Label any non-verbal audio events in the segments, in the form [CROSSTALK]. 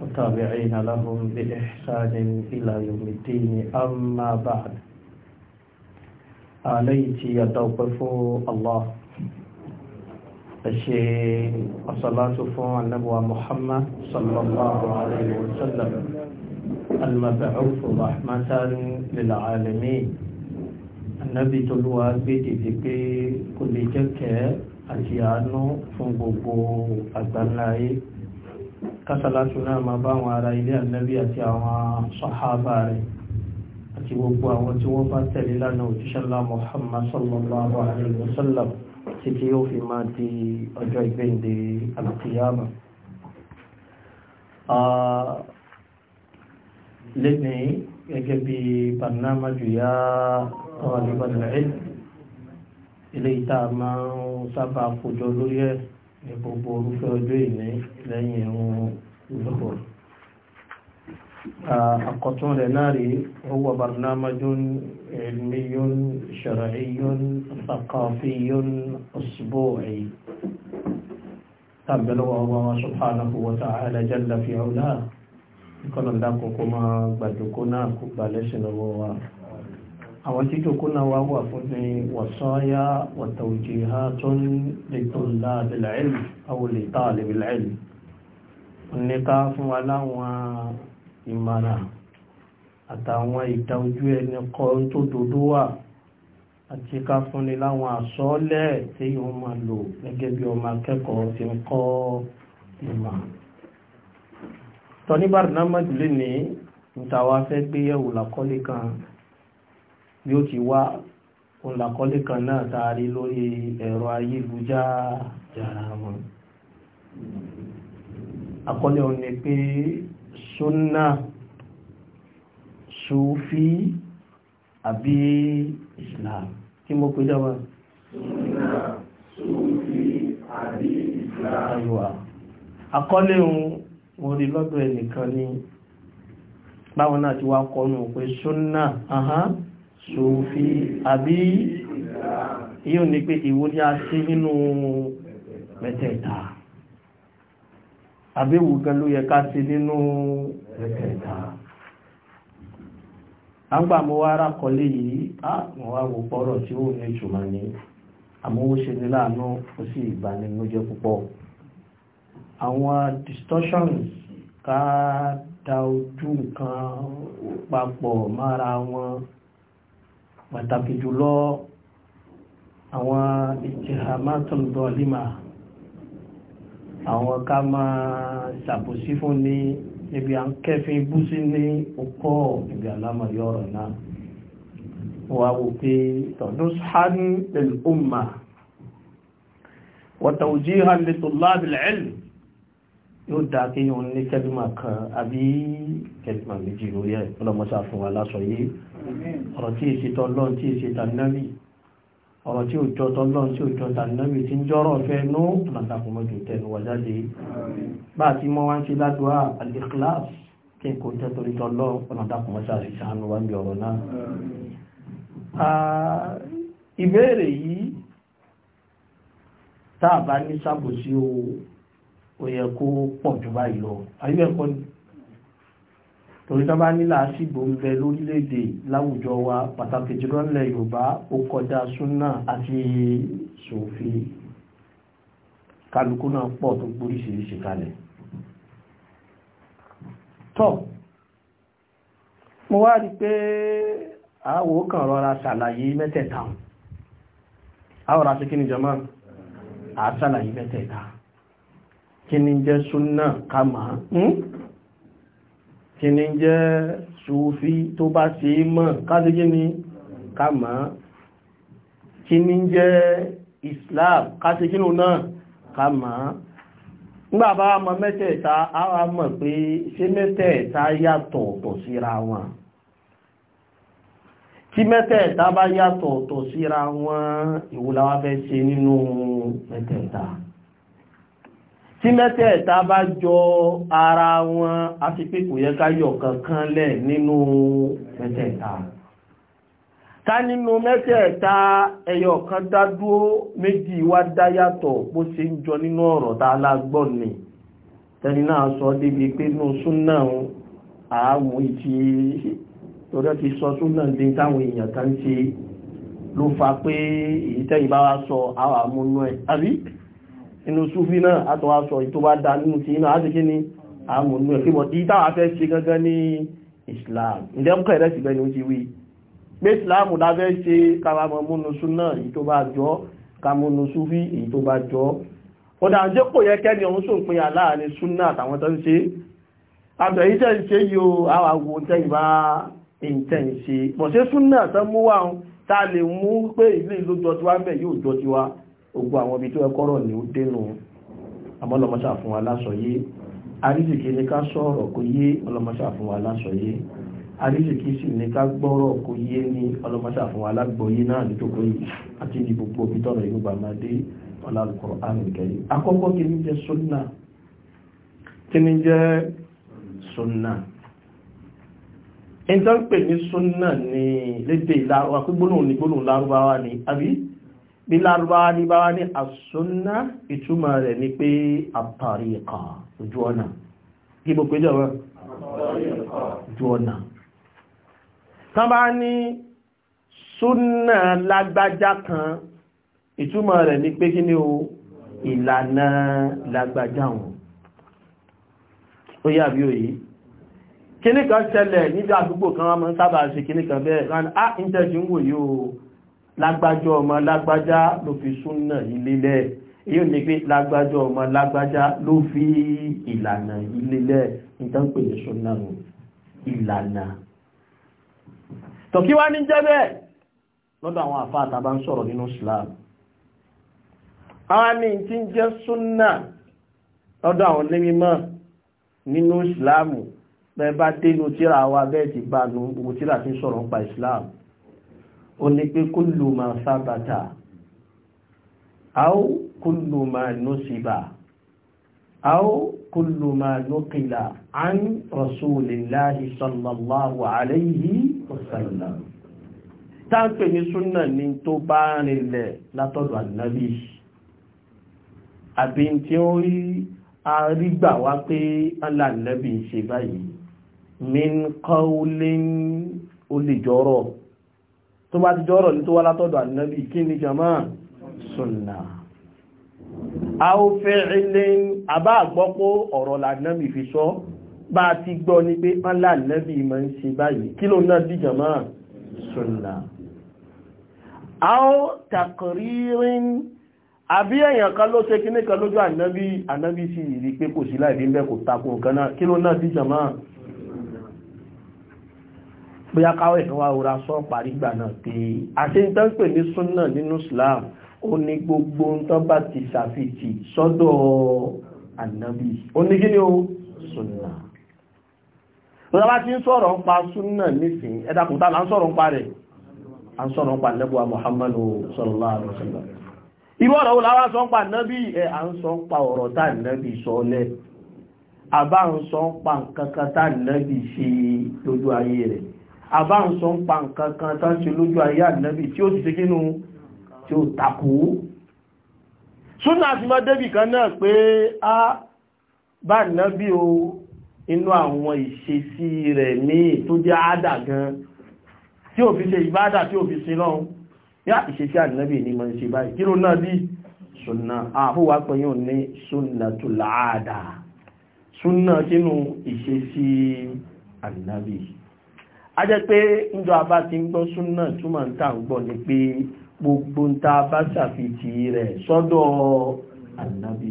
والتابعين لهم بإحسان إلى يوم الدين أما بعد عليك يتوقف الله الشيء الصلاة فوق النبوة محمد صلى الله عليه وسلم المبعوث رحمة للعالمين النبي تلوى بيتي كل جكة àti àánú أدنائي kásálásù náà máa bá àwọn ará ilé ànábì àti àwọn sàhábà rẹ̀ àti gbogbo àwọn tí wọ́n bá tẹ̀lé lánàá òjíṣẹ́lá Muhammad sallallahu alayhi wa sallam títí yóò fi máa di ọjọ́ ìgbéǹde alqiyama gẹ́gẹ́ bí barnamaju ya talibal ilm ilé ìta máa ń sábà kójọ lórí ẹ̀ ní gbogbo orúfẹ́ ọjọ́ ìní lẹ́yìn ẹ̀hún zuhur ah, àkọ́tún rẹ̀ náà rí huwa barnamajun ilmiyun shar'iyun thaqafiyun usbu'i tàbẹ̀lọ́wọ́ ọba wa subhanahu wa ta'ala jalla fi ọ̀la ìkọlọ̀dá kòkó máa gbàdúkó náà kó gbalẹ́sìn lọ́wọ́ wa àwọn tí jòkó náà wá wà fún ní wàsáyá wàtàwùjì ha tó ń lè tó ń dá àbìláìlì àwòlè tá àlèbìláìlì ní ká fún wa láwọn ìmàrà àtàwọn ìdá ojú ẹni kọ́ tó dodo wà àti ká fúnni láwọn àsọ́ọ́lẹ̀ tí yóò máa lò gẹ́gẹ́ bí ọmọ akẹ́kọ̀ọ́ ti ń kọ́ ìmọ̀ tọ́ ní bàrúnámọ́jù lè ní ìtawà fẹ́ gbéyẹ̀wò làkọ́lé kan bí ó ti wá olùlàkọ́lé kan náà taari lórí ẹ̀rọ ayélujára wọn àkọlé òun ni pé sunna sufi àbí islam kí mo pè dáwà sunna sufi àbí islam àkọlé òun mo rí lọ́dọ̀ ẹnìkan ní báwọn náà ti wá kọ́nù pé sunna ahán uh -huh. ṣòfí àbí yíò ní pé ìwò ní a ṣe nínú mẹ́tẹ̀ẹ̀ta àbíwò gan ló yẹ ká ṣe nínú mẹ́tẹ̀ẹ̀ta a ń gbà mọ́ wá ara kọlé yìí á wọ́n wá wo bọ́rọ̀ tí ó ní ìṣùmọ̀ ní ṣe ní láàánú ó sì púpọ̀ àwọn distortions ká pàtàkì jùlọ àwọn ìtìhàmátùn dọ́límà àwọn ká máa ṣàbòsí fún ní ibi à ń kẹ́fín bú sí ní ọkọ̀ ibi àlámọ̀rí ọ̀rọ̀ náà wà wò pé tọ̀dún sáánì yóò dá kéyàn ní kẹ́lìmà kan àbí kẹ́lìmà méjì lórí ẹ̀ ọlọ́mọsá fún wa lásọ yìí ọ̀rọ̀ tí ìṣètò ọlọ́run tí ìṣètò ànábì ọ̀rọ̀ tí òjò tọ́lọ́run tí òjò tànábì tí ń jọ́rọ̀ fẹ́ nú màtàkùnmọ́jù tẹnu wà jáde bá a ti mọ́ wá ń ṣe ládùá al-ikhlas kí n kò jẹ́ torí tọ́lọ́run màtàkùnmọ́sá sì sànú wá bí ọ̀rọ̀ náà. ìbéèrè yìí tá a bá ní ó yẹ kó pọ̀ jù báyìí lọ ayé ẹ̀kọ́ ni torí tó bá nílà àṣìgbò ń bẹ lórílẹ̀-èdè láwùjọ wa pàtàkì jùlọ nílẹ̀ Yorùbá ó kọjá súnà àti sòfin kálukú náà pọ̀ tó gbóríṣiríṣi kalẹ̀ tọ́ mo wá rí pé àwọ̀ kan rọra ṣàlàyé mẹ́tẹ̀ẹ̀ta àwọ̀ ra sí kí ni jọmọ́ àṣàlàyé mẹ́tẹ̀ẹ̀ta kíni jẹ́ súnà kàmà hmm? kíni jẹ́ sùfí tó bá sí mọ̀ káàdé kíni kàmà kíni jẹ́ islam káàdé kíni náà kàmà nígbà bá mọ̀ mẹ́tẹ̀ẹ̀ta àwa mọ̀ pé ṣé mẹ́tẹ̀ẹ̀ta yàtọ̀ ọ̀tọ̀ síra wọn tí mẹ́tẹ̀ẹ̀ta bá yàtọ̀ ọ̀tọ̀ síra wọn ìwòláwà fẹ́ ṣe nínú mẹ́tẹ̀ẹ̀ta tí mẹ́tẹ̀ẹ̀ta bá jọ ara wọn àti pé kò yẹ ká yọ kankan lẹ̀ nínú mẹ́tẹ̀ẹ̀ta ká nínú mẹ́tẹ̀ẹ̀ta ẹyọ kan dádúró méjì wá dáyàtọ̀ bó ṣe ń jọ nínú ọ̀rọ̀ tá lágbọ́n ni tẹni náà sọ débi pé nínú súnà àámú ìtì torí ti sọ súnà dé táwọn èèyàn kan ṣe ló fa pé èyí tẹ́yìn bá wá sọ àwọn àmúnú ẹ̀ inú súfí náà àtọ́ aṣọ ìtò bá dá nínú ti iná àti kí ni àmúnú ẹ̀ fíbọ̀ tí táwà fẹ́ ṣe gangan ní Islam ìdẹ́mkọ̀ ẹ̀rẹ́ sì bẹ́ni ó ti wí pé Islam dábẹ́ ṣe kàràmọ̀ múnú súnà èyí tó bá jọ kàmúnú súfí èyí tó bá jọ ọ̀dà àjẹ́ kò yẹ kẹ́ni ọ̀hún sóò pin aláàrin súnà àtàwọn tó ń ṣe àbẹ̀ yìí tẹ́ ń ṣe yìí o àwà wo tẹ́yìn bá ìǹtẹ̀ gbogbo àwọn ibi tó ẹkọ́rọ̀ ni ó dénú ọmọlọmọsà fún wa lásọ yé arísìkí ní ká sọ̀rọ̀ kó yé ọlọmọsà fún wa lásọ yé arísìkí sì ní ká gbọ́rọ̀ kó yé ní ọlọmọsà fún wa lágbọ́yé náà nítorí yìí àti ní gbogbo ibi tọ́rọ̀ yìí gbà máa àrùnkẹ́yì akọ́kọ́ kí ní jẹ́ sunna kí ní jẹ́ sunna ìjọ ń pè ní sunna ní lédè ìlàrúwá pé gbólóhùn ní gbólóhùn lárúbáwá ni àbí bí lárúbáwá ní báwá ní àsúnná ìtumọ̀ rẹ̀ ni pé àtàríkà ojú ọ̀nà kí mo péjọ wọn ojú ọ̀nà tán bá ní súnà lágbájá kan ìtumọ̀ rẹ̀ ni pé kí ni o ìlànà lágbájá wọn ó yà òyí kíníkan ṣẹlẹ̀ níbi àdúgbò kan wọ́n mọ́ sábà ṣe kíníkan bẹ́ẹ̀ rán á ìtẹ́jú ah, ń wòye o lágbájọ́ ọmọ lágbájá ló fi súnà ilélẹ̀ èyí ò ní pé lágbájọ́ ọmọ lágbájá ló fi ìlànà ilélẹ̀ nítorí pé ní súnà nù ìlànà tọ̀kí wá ní jẹ́bẹ̀ lọ́dọ̀ àwọn àfá àtàbá ń sọ̀rọ̀ nínú Islam Islam ó ní pé kúlù máa sábàtà áó kúlù máa nùsìbà áó kúlù máa nùkìlà án rasulillahi sallallahu alayhi wa sallam táǹpè ní súnà ní tó bá rìnlẹ̀ látọ̀dọ̀ ànábì àbí tí ó rí àrígbà wá pé alànábì ṣe báyìí min qawlin olèjọ́rọ̀ tó bá ti jọ́rọ̀ ní tó wá látọ̀dọ̀ ànábì kí ni jama sunna a ó fẹ́ ilé àbá àgbọ́pọ̀ ọ̀rọ̀ lànábì fi sọ bá ti gbọ́ ní pé ọ́nlá ànábì máa ń ṣe báyìí kí ló náà di jama sunna a ó takririn àbí èèyàn kan ló ṣe kíní lójú ànábì ànábì sì rí pé kò sí láìfí bóyá káwẹ̀ ìfẹ́ wa rọra sọ parí gbà náà pé àti ń tán pè ní súnà nínú Islam ó ní gbogbo ń tán bá ti ṣàfihì sọ́dọ̀ ànábì ó ní kí ni ó súnà lọ́la bá ń sọ̀rọ̀ ń pa súnà nísìn ẹ̀dàkùn là ń sọ̀rọ̀ ń pa rẹ̀ Muhammadu sallallahu alaihi wasallam irú ọ̀rọ̀ wo láwá sọ ń pa nẹ́bí ẹ̀ à ń sọ ń pa ọ̀rọ̀ tá nẹ́bí àbá ń sọ ń pa nǹkan kan tá nẹ́bí ṣe lójú ayé rẹ̀ àbáhùn sọ ń pa nǹkan kan tán ṣe lójú ayé ànábì tí ó ti ṣe kínú tí ó takò súnà àti mọ́ kan náà pé a bá ànábì o inú àwọn ìṣesí rẹ̀ ní tó jẹ́ àádà gan tí ò fi ṣe ìbádà tí ò fi sin lọ́hun yá ìṣesí ànábì ní mọ́ ṣe báyìí kí ló náà bí súnà àfúwà pẹ̀yìn ní súnà tó láàdà súnà kínú ìṣesí ànábì a jẹ́ pé níjọ àbá ti ń gbọ́ súnà túmọ̀ ń tà ń gbọ́ ni pé gbogbo ń ta bá ṣàfihì rẹ̀ sọ́dọ̀ ànábì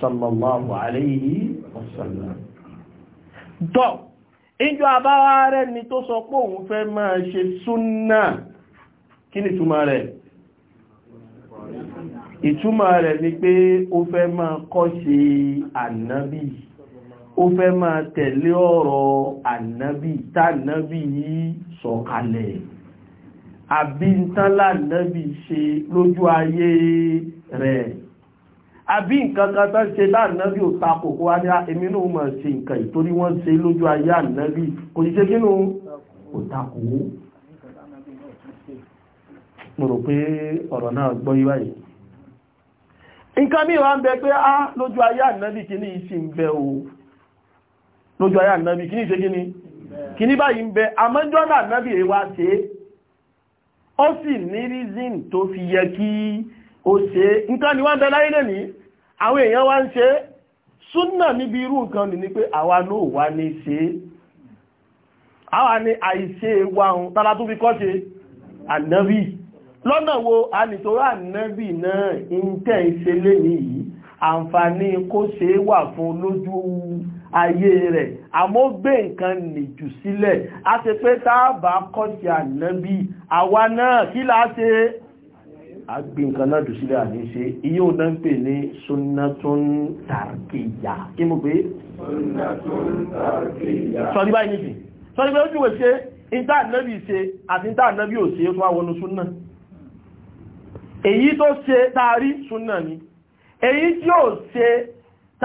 sallallahu alayhi wa sallam tọ́ ìjọ àbáwá rẹ̀ ni tó sọ pé òun fẹ́ máa ṣe súnà kí ni túmọ̀ rẹ̀ ìtúmọ̀ rẹ̀ ni pé ó fẹ́ máa kọ́ sí ànábì ó fẹ́ máa tẹ̀lé ọ̀rọ̀ ànábì tánábì yìí sọ̀kalẹ̀ àbíntánlá ànábì ṣe lójú ayé rẹ̀ àbí nǹkan kan tán ṣe láànábì ò ta kòkó wá ní ah, èmi náà mọ̀ sí nǹkan ìtorí wọ́n ṣe lójú ayé ànábì kò ṣe kínú kò ta kò mo rò pé ọ̀rọ̀ náà gbọ́ yíwá yìí nǹkan mìíràn bẹ pé á ah, lójú ayé ànábì kìíní yìí sì ń o lójú ayá ànábì kí ní ṣe gíní kí ní báyìí ń bẹ amẹ́jọ́nà ànábì èwà ṣe ó sì ní rízìn tó fi yẹ kí ó ṣe nǹkan ni wọ́n bẹ̀rẹ̀ ilẹ̀ ní àwọn èèyàn wá ń ṣe súnà níbi irú nǹkan ní pé àwa ló wà ní ṣe àwa ni àìṣe wa ohun tàbí tó fi kọ́ ṣe ànábì lọ́nà wo a nìtorí ànábì náà ń tẹ̀ ń ṣe lé nìyí àǹfààní kó ṣe wà fún lójú ayé rẹ̀ àmọ́ gbé nǹkan nìjù sílẹ̀ a ṣe pé táàbà kọ́sí ànábì àwa náà kí láá ṣe agbé nǹkan náà jù sílẹ̀ àní ṣe iye ò náà ń pè ní sunnatun tarkiya kí mo pé sunnatun tarkiya sọ́rí báyìí nìsín sọ́rí pé ó jùwẹ̀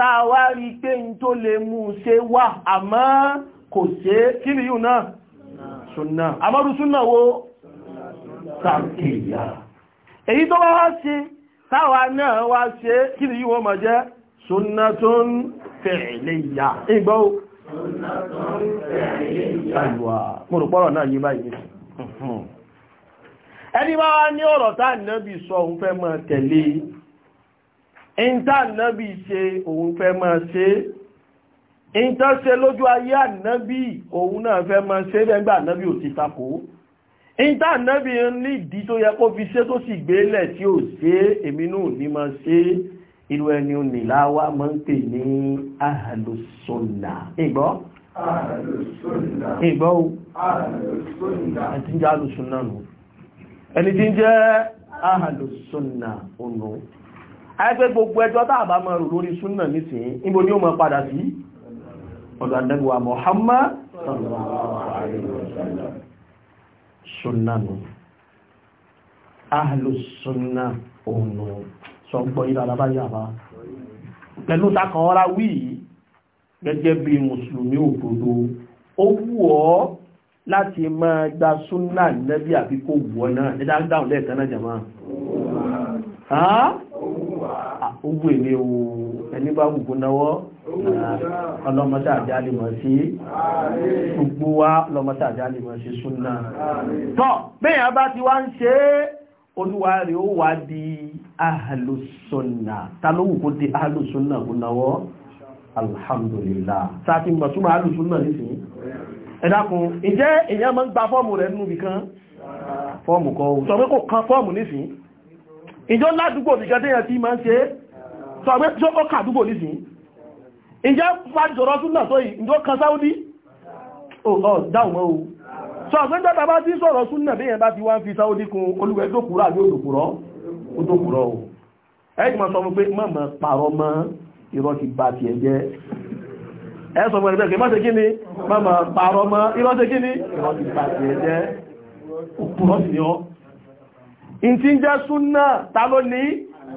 tá a pé n tó lè mú ṣe wá àmọ́ kò ṣe kí ni yíò náà ṣùnà àmọ́rú súnà wo tàbíyà èyí tó wá ṣe táwa náà wá ṣe kí ni yíò mọ̀ jẹ́ ṣùnà tó ń fẹ̀ẹ̀lẹ̀ ìyà ìgbọ́ ẹni ọ̀rọ̀ sọ tẹ̀lé e. ìntà náàbì ṣe òun fẹ́ máa ṣe ìntà ṣe lójú ayé ànábì òun náà fẹ́ máa ṣe bẹ́gbà ànábì ò ti takò ìntà náàbì ní ìdí tó yẹ kó fi ṣe tó sì gbélẹ̀ tí ò ṣe èmi náà ní máa ṣe irú ẹni oníláwá máa ń pè ní ahàlùsọ̀nà ìgbọ́ ìgbọ́ ahàlùsọ̀nà ẹni tí ń jẹ́ ahàlùsọ̀nà ònà àyẹ́pẹ́ gbogbo ẹjọ́ tá a bá máa rò lórí súnà nísìnyí níbo ni ó máa padà sí ọ̀dọ̀ àdẹ́gbà Muhammad sallallahu alaihi wasallam súnà nù ahlu súnà ònù sọgbọ́ ìlà alábáyàbá pẹ̀lú takọ̀ọ́ra wí gẹ́gẹ́ bí mùsùlùmí òdodo ó wù ọ́ láti máa gba súnà nẹ́bí àbíkò wọ́n náà ẹ̀dá dáhùn lẹ́ẹ̀kan náà jẹ̀mọ́ ogbò èlé o ẹni bá wùkú náwọ́ ọlọ́mọdé àjálì mọ̀ sí gbogbo wa ọlọ́mọdé àjálì mọ̀ sí súnà tọ́ bẹ́yàn bá ti wá ń ṣe olúwa rẹ̀ ó wá di ahàlùsọ̀nà alhamdulillah sáàtì mọ̀ súnmọ̀ ahàlùsọ̀nà nísìnyí ẹ dákun ìjẹ́ èèyàn máa ń gba fọ́ọ̀mù rẹ̀ nínú ibìkan fọ́ọ̀mù kọ́ sọ pé kò kan fọ́ọ̀mù nísìnyí ìjọ ládùúgbò nìkan téèyàn ti ń ṣe sọ pé tí ó kà àdúgbò ní sìn ìjẹ́ fàjọ̀rọ̀ súnà tó yìí ìjọ kan sáúdí ọ̀dáwọ̀ o sọ pé tọ́ta bá tí sọ̀rọ̀ súnà bí yẹn bá ti wá ń fi sáúdí kun olúwẹ́ dókùrọ̀ àbí òdòkùrọ̀ o ẹ̀yìn mọ́ sọ mú pé mọ́mọ́ pààrọ̀ mọ́ irọ́ ti bá ti ẹ̀jẹ́ ẹ sọ mọ́ ẹ̀rẹ́bẹ̀ẹ́kẹ́ mọ́ ṣe kí ni mọ́mọ́ pààrọ̀ mọ́ irọ́ ṣe kí ni irọ́ ti bá ti ẹ̀jẹ́ òkúrọ̀ sí ni ọ́ in ti ń jẹ́ súnà ta ló ní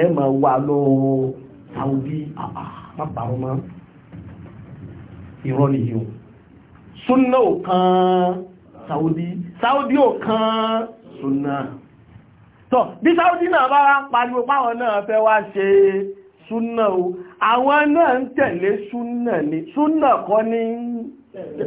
ẹ máa wà lọ́wọ́ Saudi àpapàrọ̀ máa irọ́ nìyí o ò kan Saudi Saudi ò kan súnà tọ́ bí Saudi náà bá wá pariwo páwọn náà fẹ́ wá ṣe súnà o àwọn náà ń tẹ̀lé súnà ni súnà kọ́ ní tẹ̀lé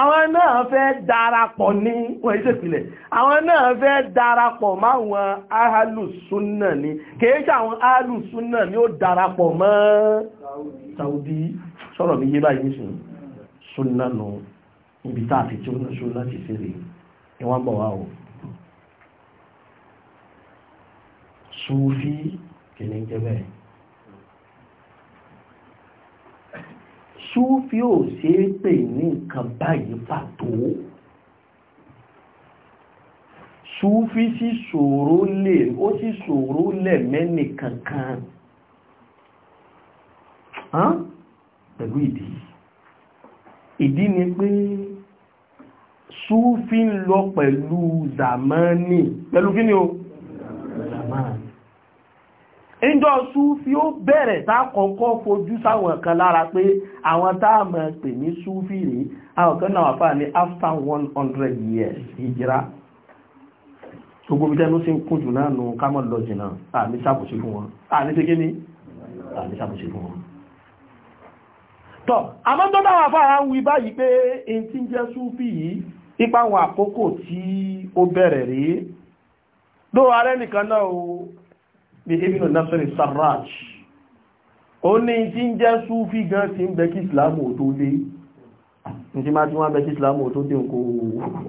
àwọn náà fẹ́ darapọ̀ ní wọ́n iṣẹ́ ìpìlẹ̀ àwọn náà fẹ́ darapọ̀ máwọn ahàlùsúnnà ni kìí ṣe àwọn ahàlùsúnnà ni ó darapọ̀ mọ́ Saudi sọ́rọ̀ mi yé báyìí sí súnnà nù ibi tá àti tí ó ní súnnà ti sí rí ìwọ́n bọ̀ wá o Sufi kìí ní súfí ò ṣe é pè ní nǹkan báyìí pàtó súfí sí ṣòro lè ó sì ṣòro lẹ̀ mẹ́nì kankan pẹ̀lú ìdí ìdí ni pé súfí ń lọ pẹ̀lú zamani pẹ̀lú kí ni o zamani ìjọ súfí ó bẹ̀rẹ̀ tákọ̀ọ́kọ́ fojú sáwọn kan lára pé àwọn táàmà pè ní súfí rí àwọn kan náà fà ní after one hundred years ìjírá gbogbo bí tẹ́nu sí ń kún jù náà nù kámọ̀ lọ jìnà àmì sàbòsí fún wọn àmì sí kíní àmì sàbòsí fún wọn tọ́ àmọ́ tó dáwà fára ipa àwọn àkókò tí ó bẹ̀rẹ̀ rí ló bí ibn nasiri sarraj ó ní tí ń jẹ́ súfí gan ti ń bẹ kí islamu ò tó dé ní máa tí wọ́n bẹ kí islamu ò tó dé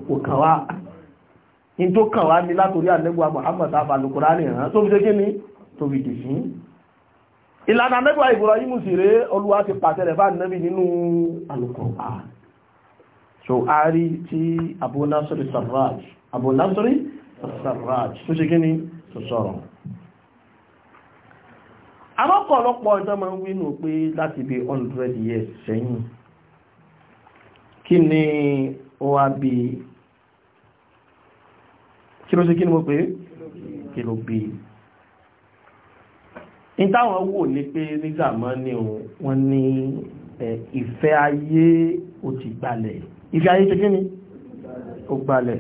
kò kàn wá in tó kàn wá ní látorí àlẹ́gbà muhammad abalukura ní ìran ni tó fi dì sí ìlànà àlẹ́gbà Ibrahim sì rèé olúwa ti so a rí abu nasiri sarraj abu nasiri sarraj tó ṣe kí ni tó àmọ́pọ̀lọpọ̀ ọjọ́ máa ń wínú pé láti bí 100 years sẹ́yìn kí ni ó wá bí kí ló sí kí ni mo pé kí ló bí in táwọn wò ní pé nígbà mọ́ ní wọ́n ní ìfẹ́ ayé ó ti gbalẹ̀ ìfẹ́ ayé kí ni ó gbalẹ̀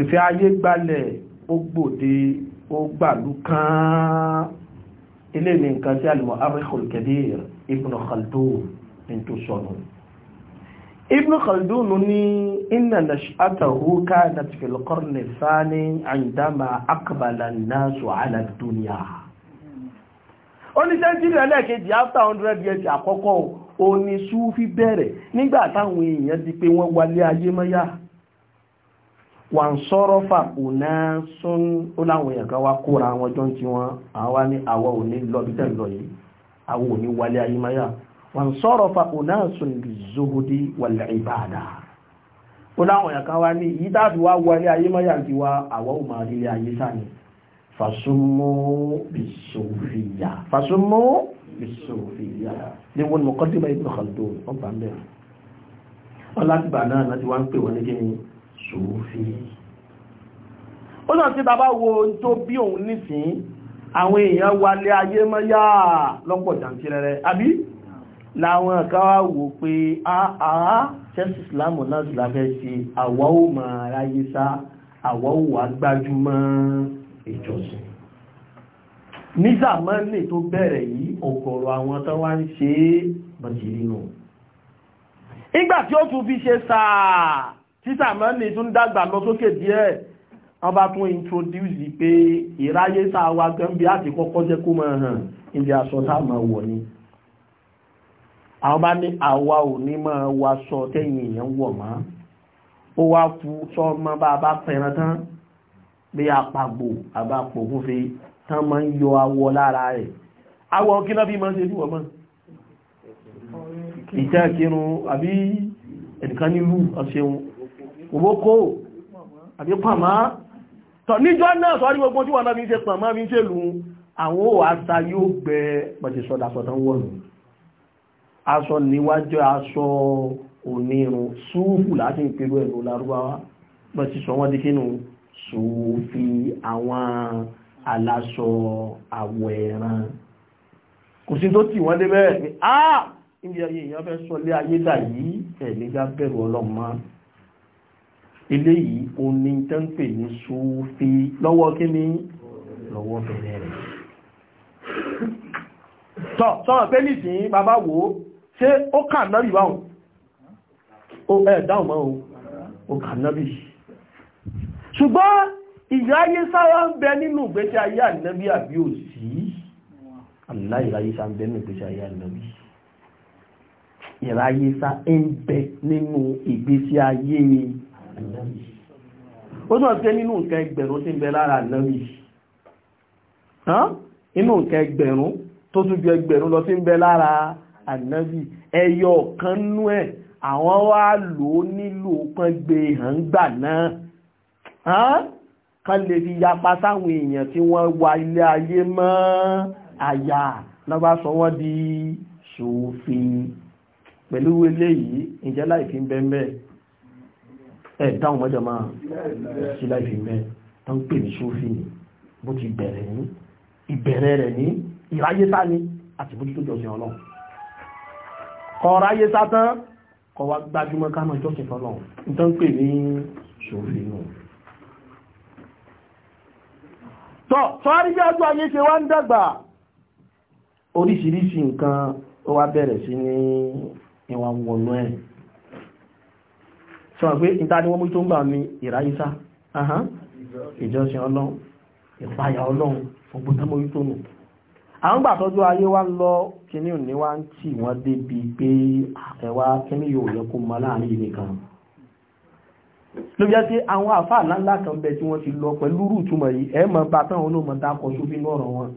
ìfẹ́ ayé gbalẹ̀ ó gbòde ó gbàlú kán ilé ní nǹkan tí alìmọ̀ arìkùl kabir ibn khaldun ní tó sọ̀nù ibn khaldun ní inna nash'atahu kanat fil qarni thani indama aqbala an-nasu ala ad-dunya ó ní sẹ́ńtírì ẹlẹ́ẹ̀kejì after hundred years àkọ́kọ́ ó ní súfí bẹ̀rẹ̀ nígbà táwọn èèyàn di pé wọ́n wálé ayé mọ́yá wà ń sọ́rọ́ fà òná sún ó láwọn èèyàn kan wá kóra wọn jọ tí wọn àwa ní àwọ òní lọ́bí tẹ̀ lọ yìí àwọ òní wálé ayémáyà wà ń sọ́rọ́ fà òná sún bí zuhudi wàlẹ̀ ìbàdà ó láwọn èèyàn kan wá ní yìí dáàbí wá wálé ayémáyà ti wá àwọ òmà lílé ayé sáni fàṣọmọ bí sòfìyà fàṣọmọ ní wọn mọ̀kọ́dé bá ibùdó kàlùdó ọgbà mẹ́rin wọn sòófí ó sọ sí bàbá wo tó bí òun nísìn àwọn èèyàn wálé ayé mọ́yá lọ́pọ̀ jàǹtìrẹrẹ àbí láwọn kan wá wò pé àà tẹ́sì islamu náà sì láfẹ́ sí àwọ́ ò mọ̀ aráyé sá àwọ́ ò wà gbájúmọ́ ìjọsìn nígbà mọ́lẹ̀ tó bẹ̀rẹ̀ yìí ọ̀gọ̀rọ̀ àwọn tó wá ń ṣe bọ̀jìrì nù ìgbà tí ó tún fi ṣe sáà tí sàmánì tún dàgbà lọ sókè díẹ̀ wọ́n bá tún introduce pé ìráyé tá a wá gan bí àti kọ́kọ́ jẹ́ kó máa hàn ibi aṣọ tá wọ̀ ni àwọn bá ní àwa ò ní máa waṣọ tẹ́yìn èèyàn wọ̀ mọ́ ó wá kú sọ́mọ́ bá a bá pẹran tán bí apagbo àbápò fúnfe tán máa ń yọ awọ lára rẹ̀ awọ kí náà bí ṣe síwọ̀ mọ́ ìtẹ́ kírun àbí ẹ̀dùkan nílùú ọ̀ṣẹ́un òwókó àbí pàmá tọ̀ níjọ́ náà sọ ní gbogbo tí wọ́n náà fi ń ṣe pàmá fi ń ṣe lù àwọn ò àta yóò gbẹ pẹ̀sẹ̀ sọ́dà sọ́tàn wọ̀nù aṣọ níwájú aṣọ onírun súúfù láti ń pẹ̀lú ẹ̀lú lárúbáwá pẹ̀sẹ̀ sọ wọ́n di kínú súúfì àwọn aláṣọ àwọ̀ ẹ̀ràn ni ah eléyìí oní tó ń pè ní súfí lọ́wọ́ kí ni lọ́wọ́ bẹ̀rẹ̀ rẹ̀ tọ́ sọ́rọ̀ pé nìsín bàbá wò ó ṣé ó kà nábì báwọn ó ẹ̀ dáhùn mọ́ o ó kà nábì ṣùgbọ́n ìyá ayé sára ń bẹ nínú ìgbésí ayé ànábì àbí òsì aláìráyé ìráyé sá ń bẹ nínú ìgbésí ayé ni ànábì ó náà tẹ́ nínú nǹkan ẹgbẹ̀rún tí ń bẹ lára ànábì inú nǹkan ẹgbẹ̀rún tó tún ju ẹgbẹ̀rún lọ tí ń bẹ lára ànábì ẹyọ kan nú ẹ̀ àwọn wá lò ó nílò kan gbé hàn gbà náà kan lè fi yapa sáwọn èèyàn tí wọ́n wà ilé ayé mọ́ àyà lọ́bá sọ wọ́n di ṣòfin pẹ̀lú eléyìí ìjẹ́ láì fi ń bẹ́ẹ̀ ẹ̀ dáhùn mọ́jọ máa sí láìfi mẹ́ tó ń pè ní ṣófì ní bó ti bẹ̀rẹ̀ ní ìbẹ̀rẹ̀ rẹ̀ ní ìráyésá ní àti bó tó jọsìn ọlọ́run kọ ráyésá tán kọ wá gbájúmọ́ ká mọ́ jọsìn fọlọ́run tó ń pè ní ṣófì nù tọ́ sọ́rí bí ọjọ́ ayé ṣe wá ń dàgbà oríṣiríṣi nǹkan ó wá bẹ̀rẹ̀ sí ní ìwà wọ̀nú ẹ̀ sọ́nà pé ìta ni wọ́n mú tó ń gbà mí ìráyísá ìjọsìn ọlọ́run ìpayà ọlọ́run ọgbọ̀n tó mú tó nù àwọn gbà tọ́jú ayé wá lọ kíní òní wá ń tì wọ́n débi pé ẹwà kíní yóò yẹ kó mọ láàrin ìlú kan ló jẹ́ sí àwọn àfáà ńláńlá kan bẹ tí wọ́n ti lọ pẹ̀lú rúùtùmọ̀ yìí ẹ mọ̀ bá táwọn olóòmọ̀ dákọ̀ sófin ọ̀rọ̀ wọn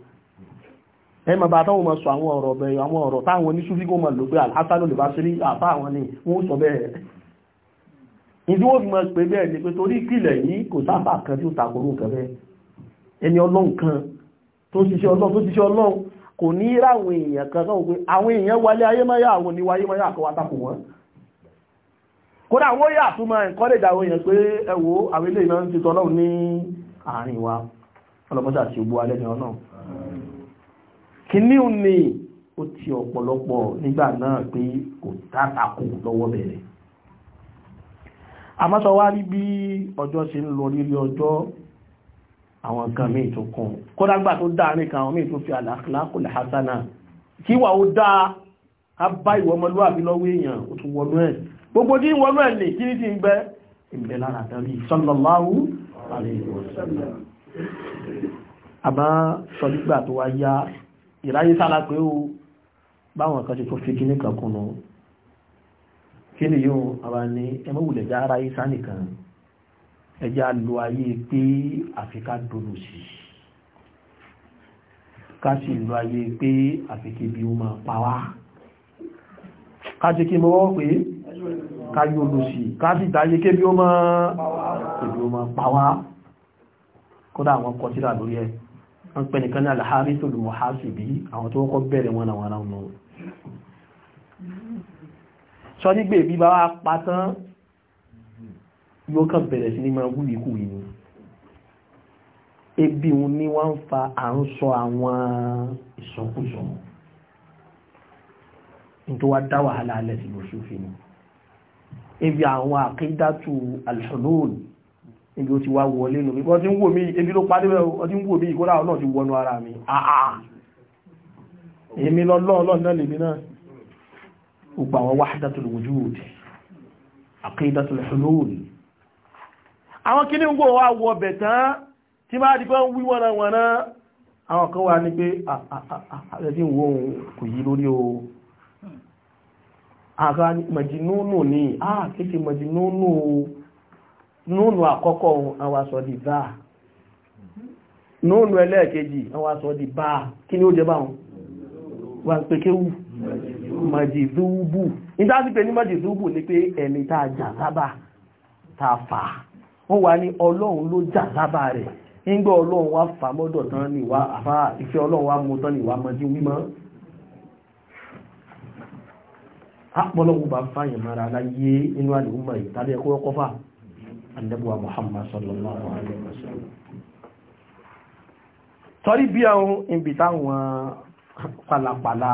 ẹ mọ̀ bá táwọn mọ̀ sọ àwọn ọ̀rọ̀ bẹ̀rẹ̀ àwọn ọ̀rọ̀ táwọn oníṣúfí kó mọ̀ lò pé àlásánù lè bá sí rí àfáà wọn ni wọ́n sọ bẹ́ẹ̀ ìdí wọ́n fi mọ́ pé bẹ́ẹ̀ ni pé torí ìpìlẹ̀ yìí kò sáfà kan tí ó takoró kẹfẹ́ ẹni ọlọ́run kan tó ṣiṣẹ́ ọlọ́run tó ṣiṣẹ́ ọlọ́run kò ní ráwọn èèyàn kan sọ́wọ́ pé àwọn èèyàn wálé ayémáyà àwọn ní wáyémáyà àkọwà tako wọn kódà wọ́n yà tó máa encourage àwọn èèyàn pé ẹ wò àwọn ilé ìná ni àmọ́sọ wá rí bí ọjọ́ ṣe ń lọ rírí ọjọ́ àwọn nǹkan míì tó kún kódágbà tó dáa nìkan àwọn míì tó fi àlàkùlákù lẹ́hásánà kí wà ó dáa a bá ìwọ ọmọlúwàbí lọ́wọ́ èèyàn ó tún wọnú ẹ̀ gbogbo tí wọnú ẹ̀ lè kí ní ti ń gbẹ́ ìgbẹ́ lára tàbí sallallahu alaihi wasallam àmá sọdígbà tó wá yá ìráyé sára pé ó báwọn kan ti tó fi kíní kan kùnú kí ni yóò àwa ní ẹmọ́wùlẹ̀ já ara ìsá nìkan ẹjá lo ayé pé àfikà dòdò sí ká sì lo ayé pé àfikì bí ó máa pa wá ká jẹ́ kí mọ́wọ́ pé ká yóò lò sí ká dáyé ké bí ó máa pa kódà àwọn kọtíra lórí ẹ̀ wọ́n pẹ́ ní alhari tó lù mọ̀ hásì bí àwọn tó kọ́ bẹ̀rẹ̀ wọn àwọn ará ọmọ sọ nígbè bí bá wá pa tán yóò kàn bẹ̀rẹ̀ sí ní máa wú ikú yìí ebi òun ni wọ́n ń fa à ń sọ àwọn ìsọkúsọ nítorí wá dá wàhálà alẹ́ sí lóṣù fi ni ebi àwọn àkídàtù alhulul níbi ó ti wá wọlé nù mí kọ́ tí ń wò mi àà gbogbo àwọn wahdatul wujud aqidatul hulul àwọn kí ní gbò wá wọ bẹ̀ tán tí máa dìbọn wí wọ́nàwọ́nà àwọn kan wà ní pé àti ah, ah, ah, wo kò yí lórí o àga màjínúnù ní àkéṣe màjínúnù núnù àkọ́kọ́ àwọn aṣọ di bá núnù ẹlẹ́ẹ̀kejì àwọn aṣọ di bá kí ni ó jẹ báwọn wà ń pè kéwù mọ̀jìdúbù nígbà sí pé ní ni pé ẹni tá a jà sábà tá a fà ó wà ní ọlọ́run ló jà sábà rẹ̀ nígbà ọlọ́run wá fà mọ́dọ̀ tán ni wá àfá ìfẹ́ ọlọ́run wá mú tán ni wá mọ́jú wímọ́ apọlọ́wọ́ bá fáyẹ̀ mara láyé inú àdìgúnmọ̀ ìtàbí ẹkọ́ ọkọ́fà annabuwa muhammad sallallahu alaihi wasallam torí bí àwọn ibi táwọn pàlàpàlà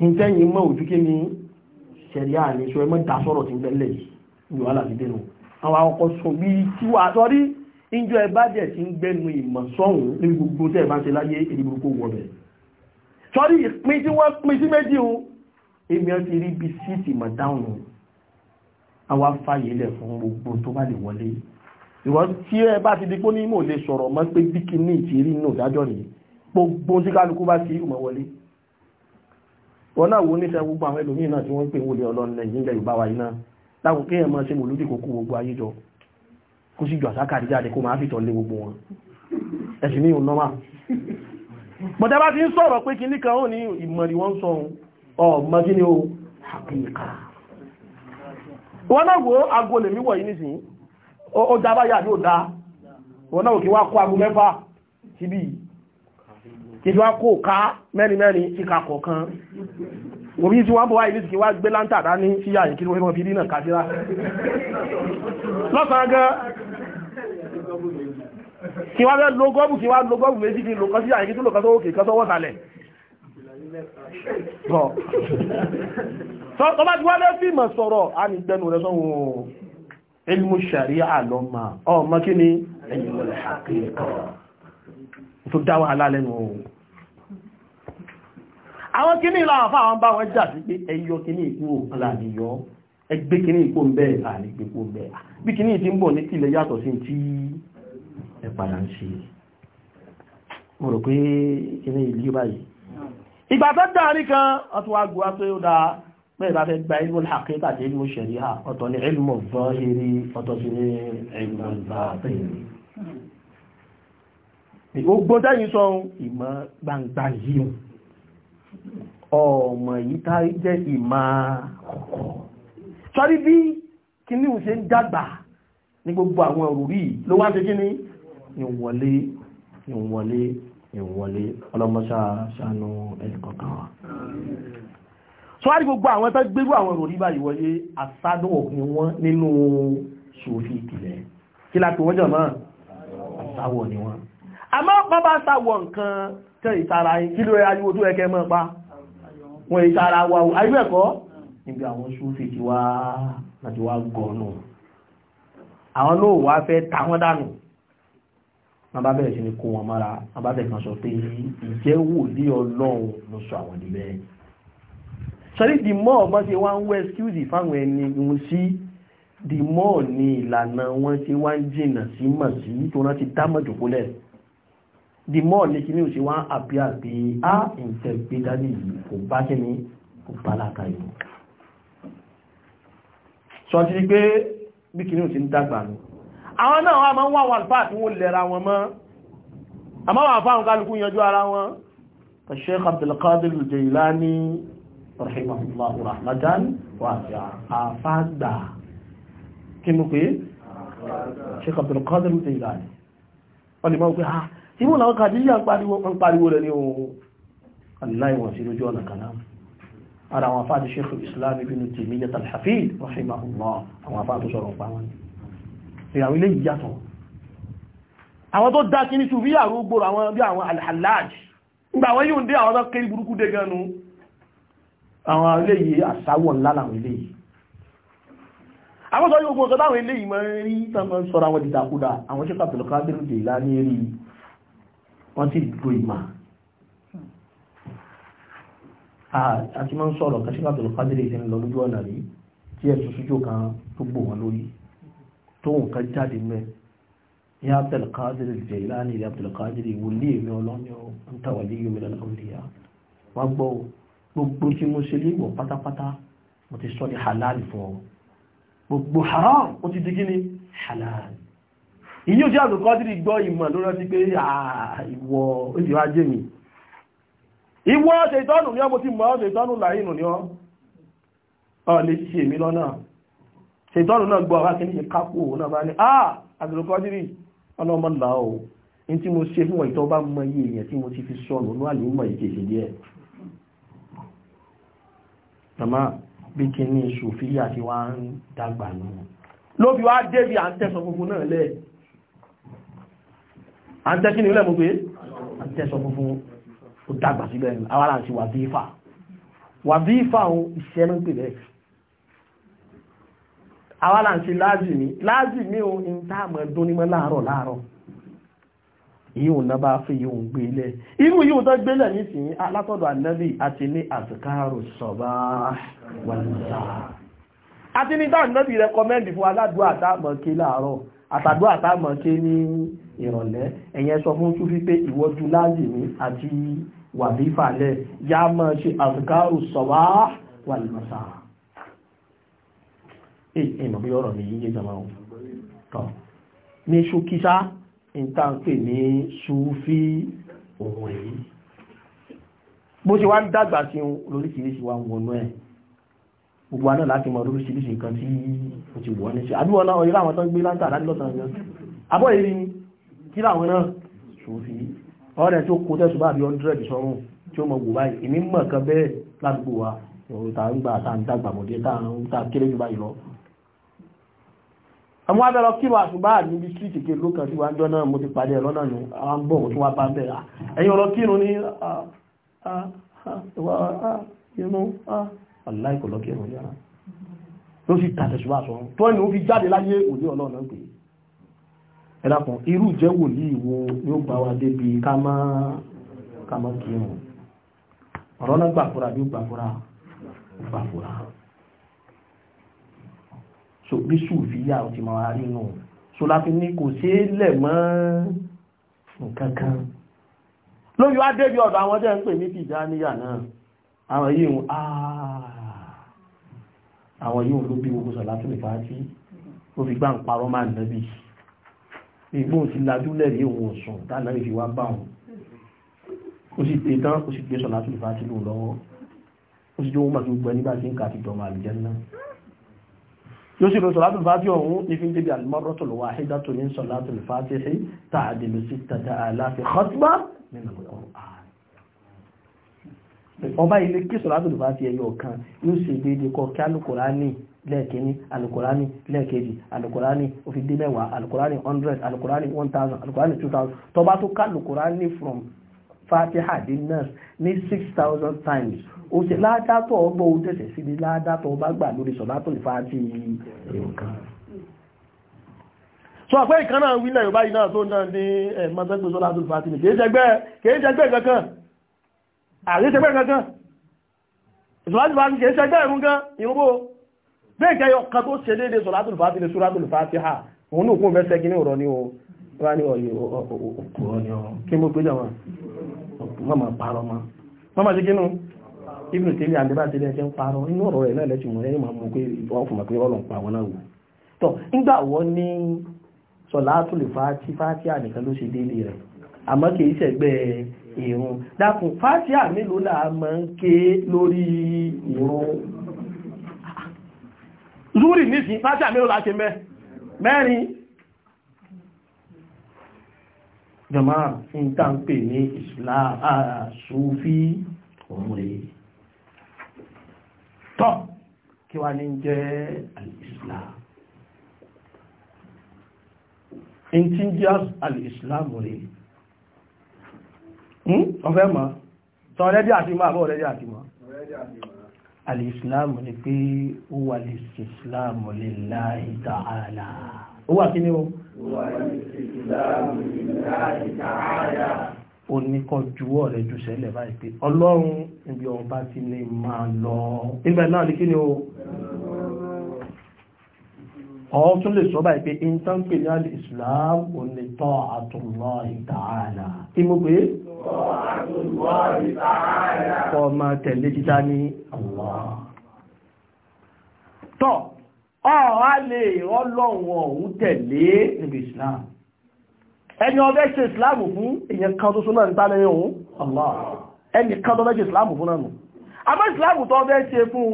ìtẹ́yìn mọ́ òjú kí ni ṣẹ̀rí àárín ṣọ ẹmọ́ ìdásọ́rọ̀ ti ń bẹ́lẹ̀ yìí ní wàhálà ti dénú àwọn akọ́kọ́ sọ bí tí wà sọ́rí ìjọ ẹbá jẹ́ ti ń gbẹ́nu ìmọ̀ sọ́hùn ní gbogbo tẹ́ ẹ̀bá ń ṣe láyé èdè burúkú wọ̀bẹ̀ sọ́rí ìpín tí wọ́n pín sí méjì bá ti di pé wọn náà wo níṣẹ́ gbogbo àwọn ẹlòmíì náà tí wọ́n ń pè wọlé ọlọ́run lẹ́yìn ilẹ̀ yorùbá wa yìí náà láwọn kéèyàn máa ṣe mòlúdì kó kó gbogbo ayé jọ kó sì jù àsákàrí jáde kó máa fìtọ̀ lé gbogbo wọn ẹ̀sìn ní ìhùn normal bọ̀dá bá ti ń sọ̀rọ̀ pé kìíní kan ó ní ìmọ̀rí wọ́n sọ ọmọ ìtí wá kó ká mẹ́rin mẹ́rin ìka kọ̀ọ̀kan òbí tí wọ́n bọ́ wáyé lítìkí wá gbé láńtà dání sí yà ìkiri wọ́n fi rí náà kàdíra lọ́sàn gan kí wá bẹ́ lo gọ́ọ̀bù kí wá lo gọ́ọ̀bù méjì kí lò kan sí àyíkí tó lò ilmu sharia lọ́mà ọmọ kí ni ẹ̀yìn dáwà alálẹ́nu ohun àwọn kìíní láwọn fáwọn bá wọn jà sí pé ẹyọ kìíní ìkúrò hmm. aláàdìyọ ẹgbẹ́ kìíní ìkó ń bẹ́ẹ̀ ànígbé kó ń bẹ́ẹ̀ bí kìíní ìdí ń bọ̀ ní tilẹ̀ yàtọ̀ sí tí ẹ padà ń ṣe mo rò hmm. hmm. sọ ìmọ̀ gbangba yìí ọmọ yìí tá jẹ́ ìmá ọkọ̀ sọ́rí bí kíní ò ṣe ń dàgbà ní gbogbo àwọn òrùrí ló wá ṣe kíní ìwọlé ìwọlé ìwọlé ọlọ́mọṣà ṣàánú ẹnìkọ̀ọ̀kan wa sọ́rí gbogbo àwọn tó gbérú àwọn òrùrí báyìí wọlé àsádùn òkun wọn nínú ni wọ́n àmọ́ bàbá sàwọ̀ nǹkan tẹ ìtara yìí kí ló rẹ ariwo tó ẹkẹ mọ́ pa wọn ìtara wa o ayúbẹ̀kọ́ níbi àwọn súnfì tí wá láti wá gọ̀ọ̀nù àwọn náà wá fẹ́ tàwọn dànù wọn bá bẹ̀rẹ̀ sí ni kó wọn mọ́ra wọn bá bẹ̀rẹ̀ kan sọ pé ìjẹ́wò lé ọlọ́run ló sọ àwọn ìdíbẹ̀ sọ́rí di mọ́ ọmọ ìlànà wọn ṣe wá ń jìnà sí mọ̀ sí tó rántí dámọ̀ jòkólẹ̀ the more ní kíní òṣè wọ́n àbí àbí á ìǹtẹ̀ gbé dání yìí kò bá kí ní kò bá láta ìlú sọ ti pé bí kíní òṣè ń dàgbà nù àwọn náà wọ́n máa ń wà wà fà tí wọ́n lẹ́ra wọn mọ́ àmọ́ wà fáwọn kálukú yanjú ara wọn Sheikh Abdul Qadir Al-Jilani rahimahullahu rahmatan wasi'a àfáàgbà kí mú pé Sheikh Abdul Qadir Al-Jilani wọ́n lè máa wípé ha tí mú láwọn kàdíyà ń pariwo rẹ̀ ní ohun aláìwọ̀n sí lójú ọ̀nà kanáà ara àwọn afáàdì sheikh islam ibn timiyyat al-hafid rahimahullah àwọn afáàdì sọ̀rọ̀ pa wọn ìyàwó ilé ìyàtọ̀ àwọn tó dá kí ní ṣù bí àrú gbòrò àwọn bí àwọn yíò ń dé àwọn tó kéré burúkú dé àwọn ilé àwọn sọ yóò gbọ́n sọ láwọn ilé wọ́n ti gbò ìmà àti máa ń sọ̀rọ̀ kan sípàtò lọ́pàdé ti ń lọ lójú ọ̀nà rí tí ẹ̀sùn sójú kan tó gbò wọn lórí tó nǹkan jáde mẹ́ ní Abdulkadir Jilani ilẹ̀ Abdulkadir wòlíì èmi ọlọ́ni ọ̀ ń tàwà lé yomi lọ́nà òlìyà wọ́n gbọ́ gbogbo tí mo ṣe léwọ̀ pátápátá mo ti sọ ní halal fún ọ gbogbo haram ó ti di gíní halal ìyí ò sí àtòkọ́ sí gbọ́ ìmọ̀ ló rántí pé ìwọ ìwọ ajé mi ìwọ ṣe ìtọ́nù ní ọmọ tí mọ́ ṣe ìtọ́nù láìnù ní ọ lè ṣe èmi lọ́nà ṣe ìtọ́nù náà gbọ́ wá kí ní kápò náà bá ní àà àtòkọ́ sí ọlọ́mọ là ó ní tí mo ṣe fún ìtọ́ bá mọ iye èèyàn tí mo ti fi sọnù ní àlè mọ̀ ìkèṣe díẹ̀ tàmá bí kí ní sòfíà ti wá ń dàgbà nù ló fi wá débi à ń tẹ́sọ gbogbo náà lẹ́ẹ̀ a ń tẹ́kí ní ilẹ̀ mú pé a ń tẹ́sọ funfun ó dàgbà síbẹ̀ awára àti wàdífà wàdífà ohun iṣẹ́ ló ń pè bẹ́ẹ̀ awára àti láàzìmí láàzìmí ohun in táàmù ẹ̀dún nímọ̀ láàárọ̀ láàárọ̀ yíò náà bá fi yíò gbé ilẹ̀ inú yíò tó gbé lẹ̀ nísìnyí látọ̀dọ̀ ànábì àti ní àtìkáàrò sọ̀bá wàlúùsà àti ní táàmù náà bí rẹkọmẹ́ndì fún aládùúgbò àtàmọ̀ kí láàárọ̀ àtàdúrà táàmọ̀ ké ní ìrọ̀lẹ́ ẹ̀yẹn sọ fún súfí pé ìwọ́jú láàzìmí àti wàbífàlẹ̀ ya mọ́ ṣe àzùkárù sọ̀wá wà lọ́sà ìmọ̀ bí ọ̀rọ̀ mi yíye jọmọ́ tọ́ ní ṣókísá ìtànpè ní súfí òun èyí bó ṣe wá ń dàgbà sí lóríṣiríṣi wa wọnú ẹ̀ gbogbo aná láti mọ̀ oríṣiríṣi nǹkan tí ó ti wọ́n ní ṣe àdúgbò náà ọ̀yẹ́ láwọn tó ń gbé láńtà lálọ́sàn yẹn abọ́ èrí kí láwọn náà ṣòfì ọ̀rẹ́ tó kó tẹ́sù bá bí ọ́ndúrẹ́dì sọ́run tí ó mọ̀ wò báyìí èmi mọ̀ kan bẹ́ẹ̀ ládùúgbò wa ọ̀rọ̀ tá ń gbà tá ń dàgbà bọ̀dé tá ń ta kéré jù báyìí lọ. àwọn abẹ́rọ kí wàá ṣùgbọ́n àti níbi síìtì kí ló kan sí wa ń jọ náà mo ti pàdé ẹ̀ lọ́nà nù àwọn bọ̀ mo tún wá aláì kò lọ́kẹ́ ìrọ̀lẹ́ ara ló sì tàtẹ̀sùwà sọ tó ẹni ó fi jáde láyé òní ọlọ́ọ̀nà pé ẹ̀dàkùn irú jẹ́ wòlíì wo ni ó gbà wá débi ká má kí wọn ọ̀rọ̀ náà gbàfúra bí gbàfúra gbàfúra so bí sùfìyà ó ti máa rí nù so láti ní kò sí lẹ̀ mọ́ nǹkan kan lóyún á débi àwọn yìí ń ah. àwọn yìí ń ló bí gbogbo sọ̀lá tó lè fà á tí ó fi gbá ń parọ́ máa nẹ́bí igbó ti lajú lẹ́rí òun ọ̀sùn dáná ìfi wá bá wọn ó sì pé tán ó sì gbé sọ̀lá tó lè fà á tí lò lọ́wọ́ ó sì jówó màtí gbogbo ẹni bá ń ka yóò sì lọ sọ̀lá tó ọ̀hún ní fi ń débi àlùmọ́rọ́ tó lọ ní sọ̀lá tó lè fà sí tàdá àlàáfíà khutba nínú ọ̀rọ̀ ààrẹ ọba ilé kí sọ̀rọ̀ bá fi ẹyọ ọ̀kan yóò ṣe déédéé kọ kí alukurani lẹ́ẹ̀kẹ́ni alukurani lẹ́ẹ̀kejì alukurani òfin dé mẹ́wàá alukurani hundred alukurani one thousand alukurani two thousand tọba tó ká alukurani from fatiha dé nurse ní six thousand times ó ṣe ládàtọ̀ ọgbọ́ ó tẹ̀sẹ̀ sí ní ládàtọ̀ ọba gbà lórí sọ̀látò lè fàájì ẹ̀yọ̀kan so àpẹ́ ìkan náà wílẹ̀ yorùbá yìí náà tó náà ní ẹ̀mọ́tẹ́gbẹ̀sọ́látò lè fàájì àríṣẹ́gbẹ́ kankan ìsọ̀lájúbà ní kìí ṣẹgbẹ́ ìrún gan ìrúgbó bẹ́ẹ̀ kẹyọ kan tó ṣe déédé sọ̀látùlù fàájì ní sọ́látùlù fàájì ha òun ní òkú mẹ́sẹ̀ kí ní ọ̀rọ̀ ní ọ̀rọ̀ sọ̀látùlù fàájì fàájì àdìkan ló ṣe déédé rẹ̀ àmọ́ kìí ṣẹgbẹ́ ìrun dákun fásíà mélòó là máa ń ké lórí ìrun zúrì nísìn fásíà mélòó là ṣe mẹ́ mẹ́rin jọmọ́ ń tà ń pè ní Islam àṣòfí òmùrè tọ́ kí wá ní jẹ́ al in ti jẹ́ al-Islam Hmm? ọ̀fẹ́ mọ́ tán rẹ́dí àti máa bọ́ rẹ́dí àti máa alìsìláàmù ni pé ó wà lè sìsìláàmù lillahi ta'ala ó wà kí ní o ó ní kọ́ juwọ́ rẹ̀ jù sẹ́lẹ̀ báyìí pé ọlọ́run ibi ọba ti ní máa lọ nígbà náà ní kí ni o ọ tún lè sọ báyìí pé in tán pè ní alìsìláàmù ní ta'atullahi ta'ala kí mú pé ọmọ tẹ̀lé títà ní tọ́ ọ̀há lè ọlọ́wọ̀n òun tẹ̀lé níbi Islam ẹni ó fẹ́ ṣe Islam fún èyàn kan tó súnmọ́ nípa lẹ́yìn òun ẹni kan tó fẹ́ ṣe Islam fún náà àmọ́ Islam tó fẹ́ ṣe fún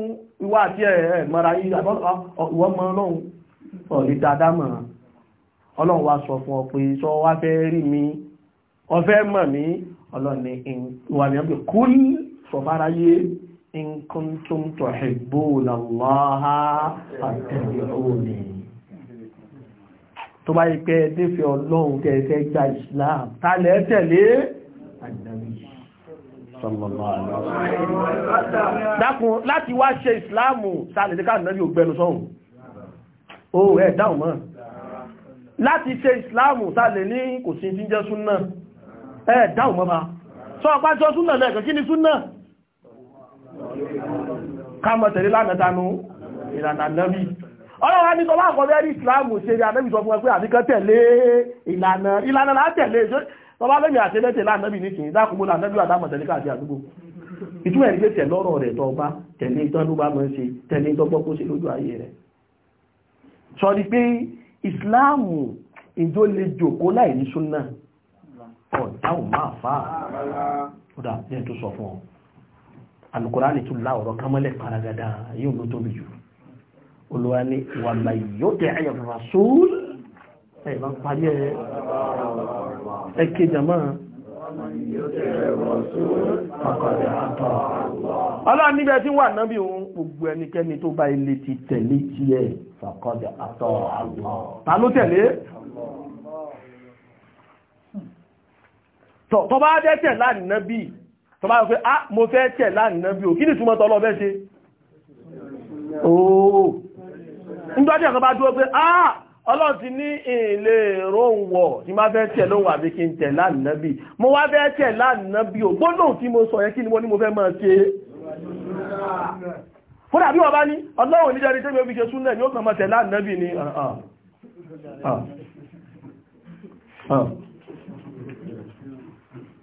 ìwà àti ẹ̀ mọ́ra yìí ìwọ́n mọ́ ọlọ́run ọ̀lẹ́ dáadáa mọ́ ọlọ́run wa sọ fún ọ pé sọ wá fẹ́ rí mi ọ fẹ́ mọ̀ mí ọlọ́ni ìwà ni a bẹ̀ kúl sọfáráyé in kuntum tuhibbuna Allaha fattabi'uni tó bá yí pé nífẹ́ ọlọ́run tẹ́ẹ̀fẹ́ gba islam tààlẹ̀ tẹ̀lé ànábì sallallahu alaihi wasallam dákun láti wá ṣe islamu tààlẹ̀ tẹ́ká ànábì ògbẹ́nu sọ́hùn ó ẹ̀ dáhùn mọ́ láti ṣe islamu tààlẹ̀ ní kò sí jíjẹ́ súnnà ẹ̀ dáhùn mọ́ bá sọ ọpá jọ súnà lẹ́ẹ̀kọ́ kí ni súnà kámọ̀ tẹ̀lé lánàtánú ìlànà nẹ́bí ọlọ́wà ní sọlá àkọ́bẹ́ rí ìsìláàmù ṣe rí ànẹ́bí sọ fún ẹgbẹ́ àbíkẹ́ tẹ̀lé ìlànà ìlànà látẹ̀lé sọlá lẹ́mí àti ẹlẹ́tẹ̀ lánàbí nìkìn dákùnbó lánàbí àdámọ̀ tẹ̀lé káàkiri àdúgbò ìtumọ̀ ẹ̀rí pé tẹ̀lé ọ̀rọ̀ rẹ̀ tó bá tẹ̀lé ìtàn ló bá mọ́ ṣe tẹ̀lé ìtàn gbọ́ kó ṣe lójú ayé rẹ̀ sọ ni pé ìsìláàmù ìjó le jòkó láì ní súnà ọ̀dá ò máa fà á kódà ní ẹ̀ tó sọ fún ọ alukurani tún la kámọ́lẹ̀ paragada yóò ló tóbi jù olùwà ni wàlá yóò tẹ ẹ̀yà fàfà sóòl ẹ̀ bá ń parí ẹ̀ ẹ̀ ké jama ọlọ́run níbẹ̀ tí wà náà bí òun gbogbo ẹnikẹ́ni tó bá ilé ti tẹ̀lé tiẹ̀ ta ló tẹ̀lé tó bá jẹ́ tẹ̀ lánàbí tó fẹ́ ah mo fẹ́ tẹ̀ lánàbí o kí ni túnmọ́ tọ́lọ́ fẹ́ ṣe ooo nígbàtí ẹ̀kan bá dúró pé ah ọlọ́run ti ní ilé róòwọ̀ tí má fẹ́ tẹ̀ lóhun àbí kí n tẹ̀ lánàbí mo wá fẹ́ tẹ̀ lánàbí o gbóná tí mo sọ yẹn kí ni mo ní mo fẹ́ máa ṣe fúnra bí wọ́n bá ní ọlọ́run níjẹ́ ní tẹ́lẹ̀ omi ṣe súnlẹ̀ ni ó kàn máa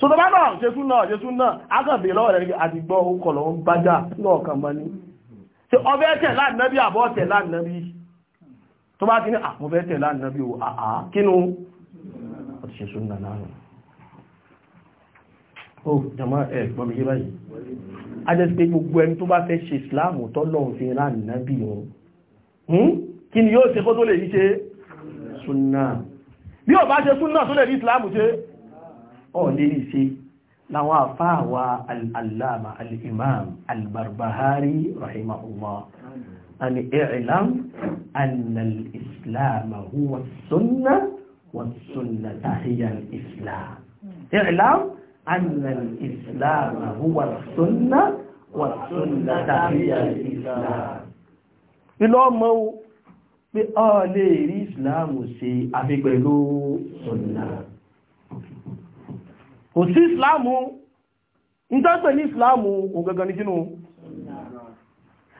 so tó bá náà ṣe súnà ṣe súnà ágàbè lọ́wọ́ rẹ̀ àti gbọ́ ọkọ̀ lọ́wọ́ bájá lọ́ọ̀ kan mọ́ ní ṣe ọbẹ̀ tẹ̀ láàrín àbọ̀ tẹ̀ láàrín tó bá ti ní àmúfẹ́ tẹ̀ láàrín o àá kínú ṣe súnà láàrín ó jama ẹ̀ gbọ́n mi yé báyìí a jẹ́ pé gbogbo ẹni tó bá fẹ́ ṣe ìsìláàmù tọ́lọ́run fi láàrín nábì wọn hmm? kí ni yóò ṣe kó tó lè rí ṣe súnà bí ó bá ṣe súnà tó lè rí ìsìláàmù ṣe ọ̀lẹ́ ní ṣe láwọn àfáàwà al'allama al'imam al-barbahari rahimahullah an i'lam anna al-islam huwa sunna wa sunna tahiya al-islam i'lam anna al-islam huwa sunna wa sunna tahiya al-islam ilọ́ mọ́ pé ọ̀lẹ́ rí islam ṣe àfi pẹ̀lú sunna kò sí ìsìláàmù ìjọ́sẹ̀ ní ìsìláàmù ògangan ní kínú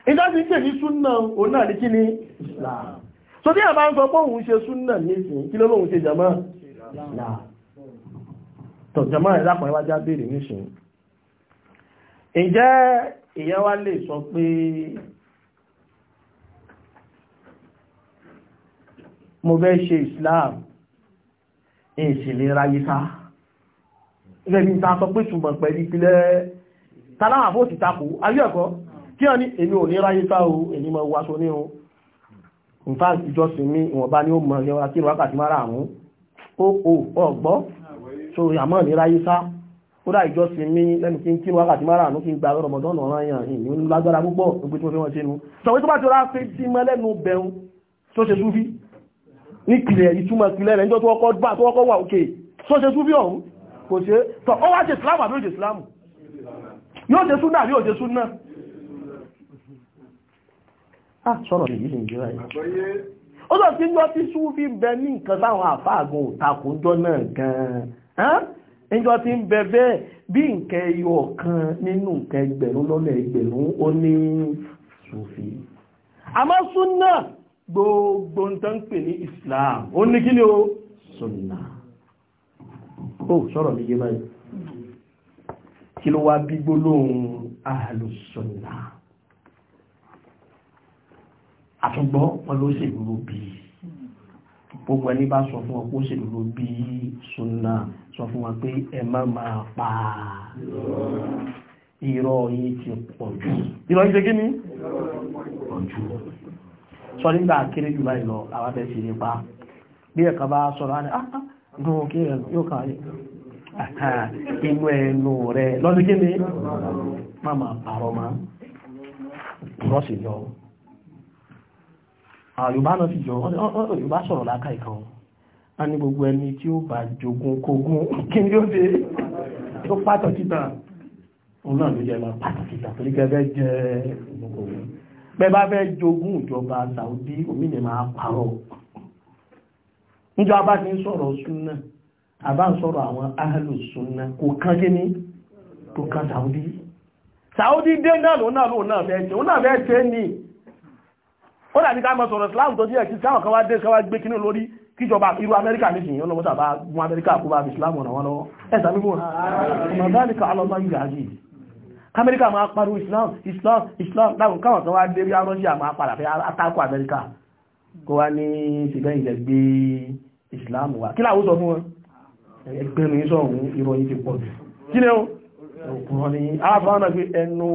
ìjọ́sẹ̀ ìṣẹ́ ní súnà òun náà ní kí so bí àbá ń sọ pé òun ṣe súnà ní ìsìn kí ló lóun ṣe jàmá tọ̀ jàmá ìlápàá wájá béèrè níṣìn ǹjẹ́ èyàn wá lè sọ pé lẹ́bí ta sọ pé ṣùgbọ́n pẹ̀lú ìpìlẹ̀ tàláwà fó ti takò ayé ẹ̀kọ́ kí ọ ní èmi ò ní ráyé tá o èmi mọ̀ wá ní o in fact ìjọsìn mi ìwọ̀nba ni ó mọ̀ lẹ́wà kí wákàtí mara àrùn ó ò so àmọ́ ní ráyé sá ó dá ìjọsìn mi lẹ́nu kí n kí wákàtí mara àrùn kí n gba rọmọdán ọ̀ràn yàn ìní ó lágbára púpọ̀ gbogbo tí wọ́n fi wọ́n ṣe nu sọ̀wé kò ṣe tọ́ ó wá ṣe islamu àbí ó ṣe islamu yóò ṣe súnà àbí ó ṣe ah sọ̀rọ̀ lè yìí nìjọra yìí ó sọ sí yọ́ tí súnfí bẹ ní nǹkan sáwọn àfáàgùn òtakùnjọ́ náà gan-an ìjọ tí ń bẹ bẹ́ẹ̀ bí nǹkan ẹyọ ọ̀kan nínú nǹkan ẹgbẹ̀rún lọ́nà ẹgbẹ̀rún ó ní súnfí àmọ́ súnà gbogbo ń tán pè ní Islam ó ní kí ni ó súnà ó sọ̀rọ̀ méje báyìí kí ló wá bí gbólóhùn àlùsọ̀nà àtúgbọ́ wọn ló ṣèlú ló bí gbogbo ẹni bá sọ fún wọn kó ṣèlú ló bí sunna sọ fún wọn pé ẹ má máa pa irọ́ yìí ti pọ̀ jù yìí ti kí ni pọ̀ sọ nígbà kéré jù báyìí lọ àwọn abẹ́ sí nípa bí ẹ̀ka bá sọ̀rọ̀ á ní ah, ah, gún òkè ẹ̀nù yóò kàn ayé inú ẹnu rẹ̀ lọ́dún kí ni má máa pàrọ̀ máa pùrọ̀ lọ àyùbá náà sì jọ Yorùbá sọ̀rọ̀ láká ìkan a ní gbogbo ẹni tí ó bá jogun kógún kí ni ó dé tó pátọ̀ títà òun náà ló jẹ́ máa pátọ̀ títà torí gẹ́gẹ́ jẹ́ gbogbo bẹ́ẹ̀ bá fẹ́ jogun ìjọba Saudi omi pàrọ̀ níjọ́ abá ti ń sọ̀rọ̀ súnà àbá ń sọ̀rọ̀ àwọn ahàlù súnà kò kán kí ní kò kán Saudi Saudi dé náà lòun náà lòun náà fẹ́ ṣe òun náà fẹ́ ní ó dàbí ká mọ̀ sọ̀rọ̀ Islam tó díẹ̀ kí sáwọn kan wá dé kan wá gbé kínú lórí kíjọba irú Amẹ́ríkà nísìnyí ọlọ́wọ́ Islam ọ̀nà wọn lọ́wọ́ ẹ̀sà mímú ọmọ bá nìkan alọ́mọ Islam Islam Islam láwọn káwọn kan wá dé bí arọ́jà máa padà fẹ́ atákò Amẹ́ríkà kó wá ní ṣìgbẹ́ ìjẹgbé ìsìláàmù wa kí láwọ́ sọ fún wọn ẹgbẹ́nu iṣọ́ òun ìròyìn ti pọ̀ kí ni ó òkúrọ̀ ni àwọn náà fi ẹnu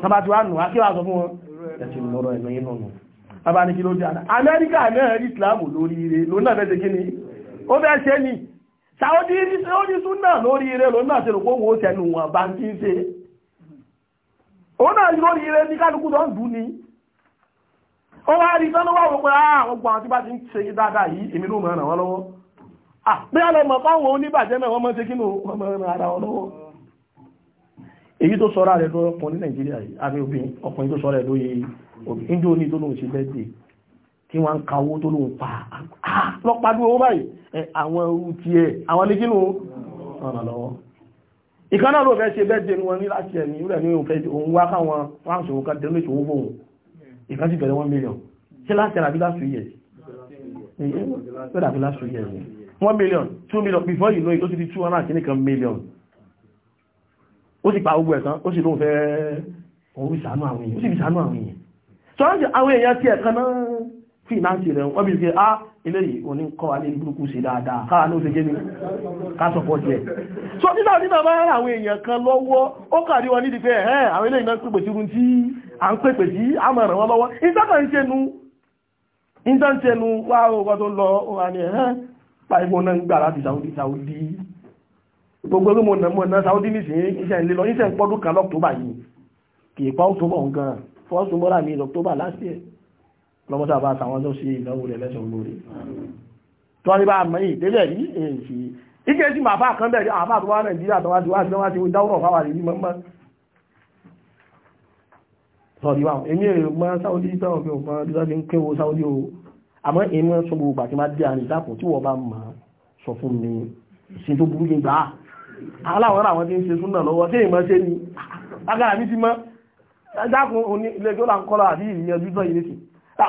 sábàtí wà nù á kí wà sọ fún wọn ẹ̀sìn lọ́rọ̀ ẹ̀nà yìí nọ̀nà bàbá ní kí ló dára amẹ́ríkà náà rí ìsìláàmù lórí ire ló náà fẹ́ kí ni ó fẹ́ ṣe ni sàódì ní súnà lórí ire ló náà ṣe lòpó wo tẹnu wọn bá ń ṣe òun náà lórí ire ní kálukú tó ń dùn ni ó wá rí tán ló wà wọ́n pé ah, àwọn gbọ́n àti bá ti ń ṣe dáadáa yìí èmi ló mọ̀ ràn wọ́n lọ́wọ́ pé a lọ mọ̀ fáwọn oníbàjẹ́ náà wọ́n mọ́ ṣe kínú ọmọ ràn ara wọn lọ́wọ́ èyí tó sọ́ra rẹ̀ lọ́rọ̀ pọ̀ ní nàìjíríà yìí àbí obìnrin ọkùnrin tó sọ́ra rẹ̀ lóye ìjọ ní tó lóun ṣe bẹ́ẹ̀dẹ̀ tí wọ́n ń ka owó tó lóun pa lọ́pàdú owó báyìí àwọn ohun ti ẹ̀ àwọn lè kínú ọ̀nà lọ́wọ́ ìkan náà ló fẹ́ ṣe bẹ́ẹ̀dẹ̀ wọn ní láti ẹ̀ ní ìrẹ̀ ní òun wá káwọn fáǹsì òun kan ìkan sì bẹ̀rẹ̀ one million ṣe last year àbí last two years ṣe àbí last two years one million two million before you know it ó ti di two hundred kìíní kan million ó sì pa gbogbo ẹ̀sán ó sì lóun fẹ́ òun ìsànú àwọn èèyàn ó sì fi sànú àwọn èèyàn tó ń jẹ àwọn èèyàn tí ẹ̀kan náà fìnáǹsì rẹ̀ wọ́n bí i pé ah ilé yìí o ní kọ́ alé burúkú sí dáadáa káà ní ó ṣe jẹ́ ní kásọ̀pọ̀ jẹ́ so títà títà bá àwọn èèyàn kan lọ́wọ́ ó kàrí wọn nídìí pé ẹ̀hẹ́ àwọn ilé ìná pípò tí à ń pèpè sí àmọ̀ ràn wọ́n lọ́wọ́ ìtọ́kàn ń ṣe nu ìtọ́ ń ṣe nu wá ọkọ̀ tó lọ wà ní ẹ̀hán náà ń gbà láti Saudi Saudi gbogbo orí mọ̀nàmọ̀ náà Saudi nìsín iṣẹ́ ìlélọ iṣẹ́ ìpọ́dún kan lọ́któbà yìí kìí pa ọ́tọ́bọ̀ ní lọ́któbà last year lọ́mọ́sá bá tàwọn tó ṣe ìnáwó rẹ̀ lẹ́sọ̀ lórí tó ní bá mọ́ ìdélẹ̀ rí èyí kan bẹ̀rẹ̀ sọ̀rí wa èmi èrè mọ́ sáwọ́dí táwọn fi mọ́ bí sáwọ́dí ń kéwò sáwọ́dí o àmọ́ èmi sọ gbogbo àti máa dé àrùn ìdápò tí wọ́n bá mọ̀ sọ fún mi sí tó burú gbà á aláwọ̀n àwọn tí ń ṣe súnà lọ́wọ́ tí èèmọ̀ ṣe ni agbára mi ti mọ́ dákun oní ilé tó là ń kọ́lá àbí ìyẹnjú sọ yìí nìsín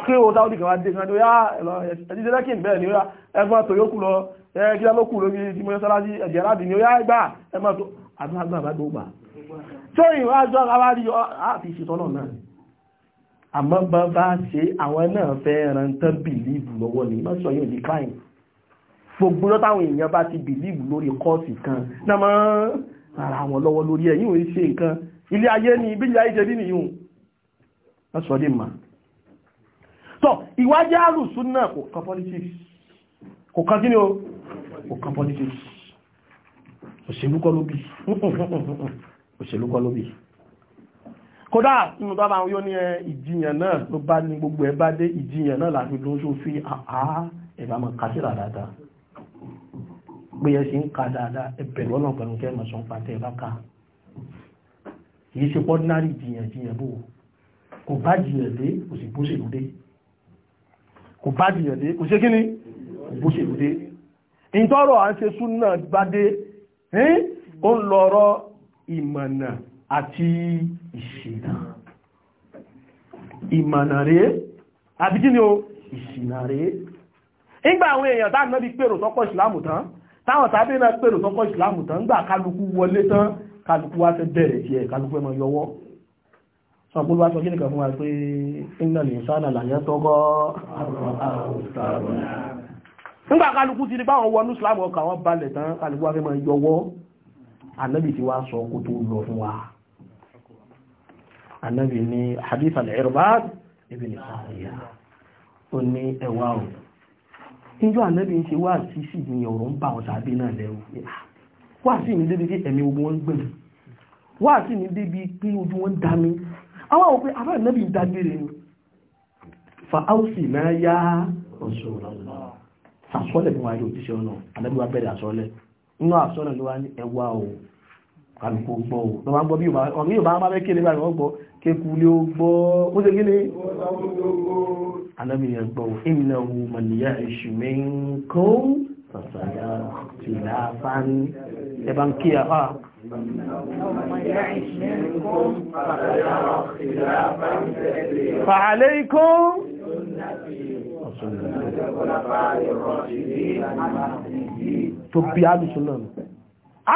kéwò sáwọ́dí kan wá dé kan tó yá ẹ̀jíṣẹ́ lẹ́kìn bẹ́ẹ̀ ni ó yá ẹgbọ́n tó yókù lọ ẹ kí lọ́kù lórí ti mọ́ sálásí ẹ̀jẹ̀ láti ni ó yá gbà ẹ tó ìwájọ́ àwárí àti ìṣìtọ́nà náà àmọ́ bá bá ṣe àwọn náà fẹ́ ẹran tán bìlíìbù lọ́wọ́ ní má sọ yóò di káyìn gbogbo lọ́tàwọn èèyàn bá ti bìlíìbù lórí kọ́ọ̀sì kan náà mọ́ ara wọn lọ́wọ́ lórí ẹ̀ yíò ṣe nǹkan ilé ayé ni bí ilé ayé jẹ́ nínú yìí má sọ dé mà tọ́ ìwájẹ́ àrùsùn náà kò kan politics kò kan o kò kan bí [LAUGHS] òṣèlú kọ́ ló bì kódà nínú bá máa yóò ní ìjiyàn náà ló bá ní gbogbo ẹ bá dé ìjiyàn náà láti lóṣù fi àá ẹ̀bá máa kásìrà dáadáa pé ẹ sì ń ka dáadáa ẹbẹ̀rù ọ̀nà pẹ̀lú kẹ́ mọ̀ sọ́n pàtẹ́ ẹ bá ka kì í ṣe pọ́dínárì jiyàn jiyàn bò kò bá jiyàn dé kò sì bó ṣèlú dé kò bá jiyàn dé kò ṣe kí ni bó ṣèlú dé ìtọ́rọ̀ à ń ṣe súnà bá dé ó ń lọ ìmọ̀nà àti ìṣìnà ìmọ̀nà rẹ̀ àti kí ni o ìṣìnà rẹ̀ nígbà àwọn èèyàn táà náà bí pèrò sọ́kọ̀ ìsìlámù tán táwọn tàbí náà pèrò sọ́kọ̀ ìsìlámù tán gbà kálukú wọlé tán kálukú wá fẹ́ bẹ̀rẹ̀ tí ẹ̀ kálukú ẹmọ yọwọ́ sọ pé wá sọ kí nìkan fún wa pé iná lè sánà làyẹ́ tọ́gọ́ nígbà kálukú ti ní báwọn wọnú ìsìlámù ọkà anábì ti wá sọ kó tó lọ fún wa anábì ní hadith al-Irbad ibn Sariya ó ní ẹwà o níjọ́ anábì ń ṣe wá sí sí ní ọ̀rọ̀ ń bá wọn tàbí náà lẹ́wọ̀ wá sí ní débi pé ẹ̀mí ogun wọn gbẹ̀mí wá sí ní débi pé ojú wọn dá mi àwọn àwọn pé àbá anábì dágbére ni fa áùsì náà yá Rasulullah sàsọ́lẹ̀ fún wa yóò ti ṣe ọ̀nà anábì wa bẹ̀rẹ̀ àsọ́lẹ̀ inú àsọ́lẹ̀ ló wá ní ẹwà o kàlùkù gbọ́ ò tó máa gbọ́ bí ọ̀rọ̀ yóò bá máa bẹ́ kéle báyìí wọ́n gbọ́ kéku lé ó gbọ́ ó ṣe kéle alábìyàn gbọ́ ò innahu man ya'ish minkum sàṣàyà tìlà fani ẹ ń kí àfà ah. tó bí alùsùn náà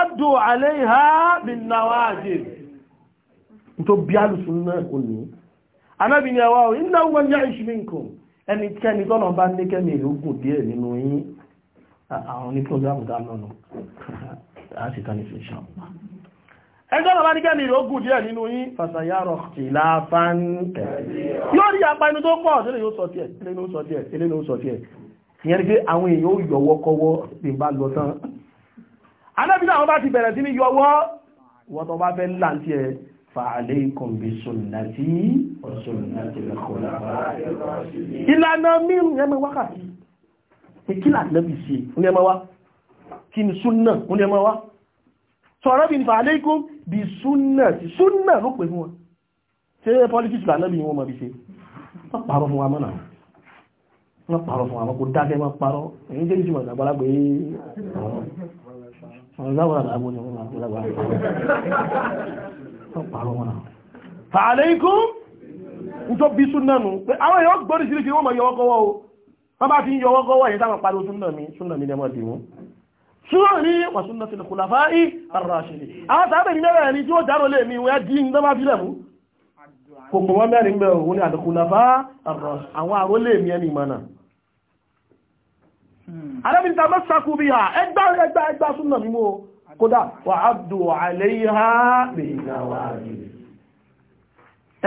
adò alẹ́ ìhá bí náwà àjẹ́ tó bí alùsùn náà kò ní anábì ni ẹwà òun iná wọn yá ìṣúmí nǹkan ẹni kẹ́ni tọ́nà bá ní kẹ́ni ìlúgùn díẹ̀ nínú yín àwọn ní prógámù dánánà [LAUGHS] a sì tán ní fi ṣàmù ẹni tọ́nà bá ní kẹ́ni ìlúgùn díẹ̀ nínú yín fàṣàyàrọ̀ tìláfán yóò anábìnrin àwọn bá ti bẹ̀rẹ̀ sí ní yọwọ́ wọ́n tó bá fẹ́ láti ẹ̀ fa'alaykum bí sunnati wa sunnati al-khulafa' ìlànà mírùn ẹmẹ wákàtí ìkílà lẹ́bì sí ní ẹmẹ wá kí ni súnnà ní ẹmẹ wá sọ̀rọ̀ fún wa mọ́nà wọ́n pàrọ̀ fún wa mọ́ kó dákẹ́ wọ́n pàrọ̀ jẹ́ ìjìmọ̀ ìdàgbàlagbé ọ̀rọ̀láwọ̀rọ̀ àbò ni wọ́n àti lágbàá tó pààrọ̀ wọn náà fàálẹ́ ikú ń tó bí súnà nù pé àwọn èèyàn gbọ́dì sí wọ́n mọ̀ yọwọ́kọwọ́ o wọ́n bá fi ń yọwọ́kọwọ́ yẹn táwọn pariwo súnà mi súnà mi lẹ́mọ́ dìmú súnà ní wà súnà sí lùkùlàfà í ar-rashidin àwọn sábẹ̀ ní mẹ́rẹ̀ ni tí ó dárò lè mi wọ́n dín tó bá fi lẹ̀ mú kòkòrò mẹ́rin bẹ̀rù ní àdùkùlàfà ar-rashidin arábìnta hmm. mọ́ sàkú bí ha ẹgbà ẹgbà ẹgbà súnmọ̀ mímọ́ kódà wà ábdù àlẹ́yà bèèrè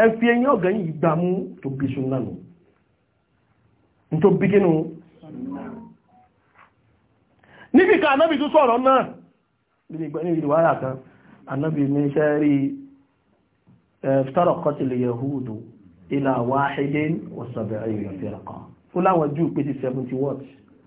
ẹ fi ẹyìn ọ̀gá yìí gbàmú tó bí súnmọ̀ nù tó bí kínú níbìkà anábì tó sọ̀rọ̀ náà níbi kan anábì jù pé ti 70 watts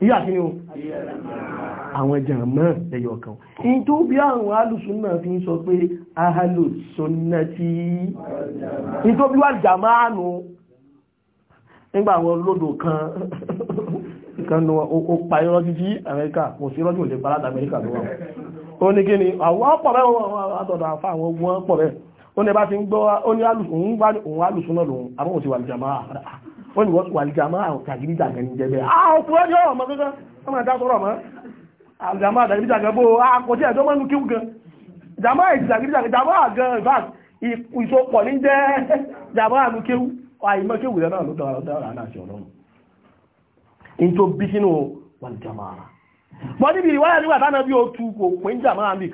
ìyá kí ni o àwọn jàmọ́ ẹ̀yọ̀ kan in tó bí àwọn alùsùnà fi ń sọ pé ahàlùsùnà tí in tó bí wà jàmọ́ àánú nígbà àwọn olódò kan ìkanu ó pa irọ́ títí amẹ́ríkà kò sí rọ́jù lè parádà amẹ́ríkà ló wà ó ní kí ni àwọn pọ̀ bẹ́ẹ̀ àtọ̀dọ̀ àfà àwọn ogun pọ̀ bẹ́ẹ̀ ó ní bá ti ń gbọ́ ó ní alùsùnà lòun àbọ̀wọ̀ ti wà jàmọ́ àárá wọ́n ni wọ́n wà alìjàmá àwọn tàgídíjàgà ní jẹ́ bẹ́ẹ̀ àwọn ah, òfin ẹjọ́ ọmọ gẹ́gẹ́ wọ́n máa dásọ́rọ̀ mọ́ alìjàmá tàgídíjàgà bó àkọjẹ́ ẹjọ́ mọ́nú kíw gan jàmá ìtàgídíjàgà jàmá gan ìfàt ìsopọ̀ ní jẹ́ jàmá àánú kíw àìmọ́ kíw rẹ̀ náà ló dára náà ṣe ọlọ́run in tó bí sínú wà alìjàmá ara wọ́n níbi ìwáyà nígbà tánà bí ó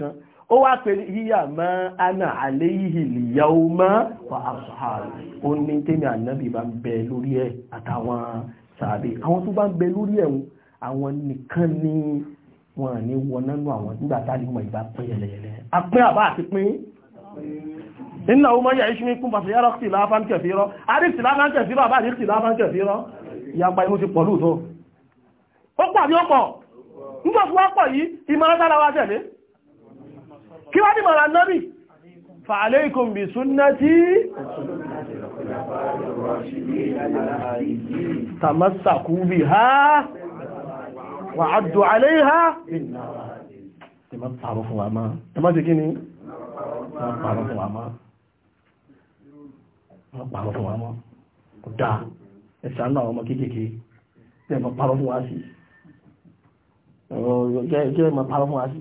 kan ó wá pè yíyà mọ́ ana àléyìí lìyàwó mọ́ wà àṣàrì ó ní tẹ́mi ànábì bá ń bẹ lórí ẹ̀ àtàwọn sàbí àwọn tó bá ń bẹ lórí ẹ̀ àwọn nìkan ni wọn ní wọná nù àwọn nígbà táàlì wọn ìbá pín yẹlẹyẹlẹ apín àbá àti pín iná ọmọ yẹ iṣẹ́ kún pàṣẹ yára sí láfán kẹfìrọ àrí sí láfán kẹfìrọ àbá àrí sí láfán kẹfìrọ ìyàgbà inú ti pọ̀ lóòtọ́ wá tẹ̀lé kí wá ní mọ̀ràn náà فعليكم بسنتي تمسكوا بها وعدوا عليها تمسعوا فواما تمسكوا كيني تمسعوا فواما tẹ̀mọ̀ fún wa mọ́ ọ̀dá ẹ̀sà náà ọmọ kéèkéé tẹ̀mọ̀ parọ́ fún wa sí ọ̀rọ̀ jẹ́ ìmọ̀ parọ́ fún wa sí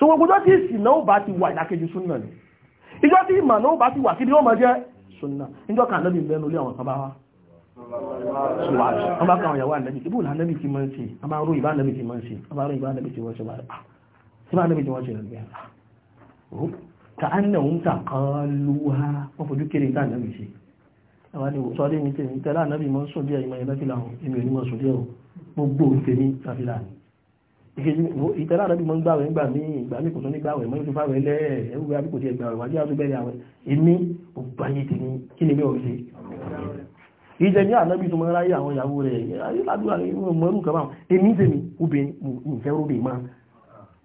so gbogbo ọjọ́ tí ìsìn náà bá ti wà ìdákejì súnà ni ìjọ tí ìmọ̀ náà bá ti wà kí ni ó máa jẹ́ súnà níjọ́ kan lẹ́bí mẹ́nu lé àwọn sábà wá síwájú wọ́n bá káwọn ìyàwó àlẹ́bí ibùdó àlẹ́bí ti máa ń ṣe a máa rú ìbá àlẹ́bí ti máa ń ṣe a máa rú ìbá àlẹ́bí ti ah, ah, wọ́n ṣe bá àlẹ́bí ti wọ́n ṣe rẹ̀ ka an na hun ta kaluwa mafudu kiri ta nabi ce àwọn ni sọ́dí ní tèmi tẹ́lá náà bí mọ́ sọ́dí ẹ̀yìn mọ́ ẹ̀lẹ́fìlà ìmìnirin mọ́ sọ́dí ẹ̀hùn gbogbo tèmi tàbílà ni ìtẹ́lá rẹ̀ bí mo ń gbàwẹ̀ ń gbà mí ìgbà mí kò tún ní gbàwẹ̀ mọ́ ìtúfà rẹ̀ lẹ́ ẹ̀wù àbíkò tí ẹgbà wájú àti bẹ́ẹ̀ àwẹ̀ èmi ò gbà yé tèmi kí ni mi ò ṣe. ìjẹ ní ànábì tó máa ráyè àwọn ìyàwó rẹ̀ ayé ládùúgbà rẹ̀ mo mọ irú kan báwọn èmi tèmi obìnrin mo ìfẹ́ ròdè máa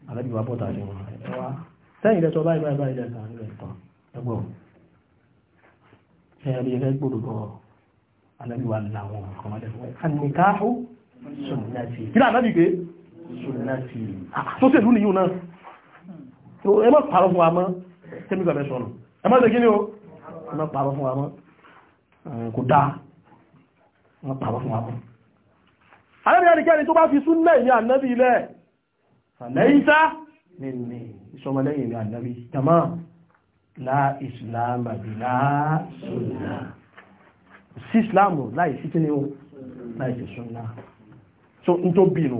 ànábì wa bọ́ta ṣe wọn. sẹ́yìn lẹ́sọ báyìí báyìí báyìí lẹ́sọ àárín rẹ̀ tán ẹgbọ́n ṣe àbí ẹgbẹ́ gbòdò bọ́ ànábì wa làwọn ọmọdé fún ẹ Ah, tó ṣèlú nìyí náà ẹ má parọ́ fún wa mọ́ tẹ́mi gbàgbẹ́ sọ̀rọ̀ ẹ má ṣe kí ni o ẹ má parọ́ fún wa mọ́ kò dáa ẹ má parọ́ fún wa mọ́ alẹ́bí ẹnikẹ́ni tó bá fi súnnà ìní ànábì ilẹ̀ fàlẹ́yíta nìní ìṣọmọlẹ́yìn ìní ànábì jama láà ìsìláàmà bí láà súnnà sí ìsìláàmù láì sí kí ni ó láì sí súnnà so n tó bí nù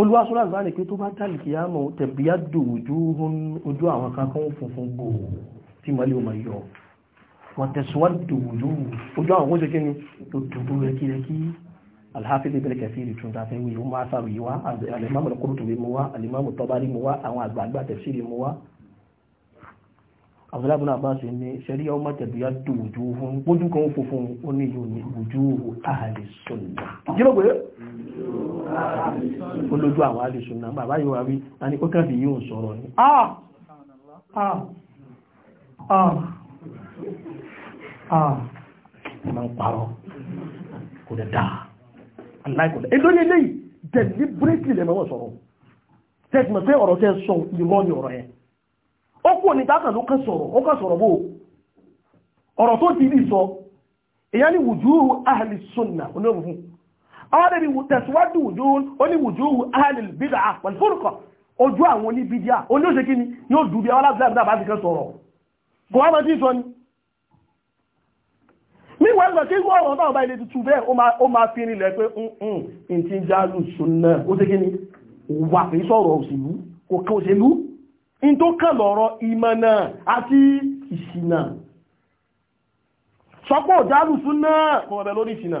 olúwásọ́lá ìgbà ní pé tó bá dàlì kìí àmọ́ tẹ̀bíyà dòwòjú ojú àwọn kan kan funfun gbò tí mọ́lẹ̀ o máa yọ wọ́n tẹ̀síwá dòwòjú ojú àwọn oúnjẹ kí ni tó dùdú rẹ̀kírẹ̀kí alhafi lè bẹ̀rẹ̀ kẹfì ìrìtún tàfẹ́ wí ó máa sàrò yìí wá alimamu Qurtubi mu wá alimamu Tabari mu wá àwọn àgbààgbà tafsiri mu wá Abdullahi ibn Abbas ní sẹ́rí ọmọ tẹ̀bíyà dòwòjú ohun ojú kan funfun ó ní yóò ní ojú ahli sunnah olójú àwọn alìsùn baba bàbá yóò wá wí a ní ah! ah! ah! ó kẹ́bì yóò sọ̀rọ̀ ní ọmọ sọ sọ ọwọ́dẹ̀ bí tẹ̀síwájú wùjú ó ní wùjú ahlil bid'ah wal furqa ojú àwọn oníbídíà oníṣe kí ni yóò dù bí ọlá bíláàbíláà bá ti kẹ́ sọ̀rọ̀ kò wá máa tí sọ ni níwọ̀n ẹgbẹ̀ kí wọ́n ọ̀rọ̀ náà bá ilé tuntun bẹ́ẹ̀ ó máa fi rinlẹ̀ pé mm, mm, ń ti jálù sunna ó ṣe kí ni wà fi sọ̀rọ̀ àti ìṣìnà sọ́pọ̀ jálù sunna kò lórí ìṣìnà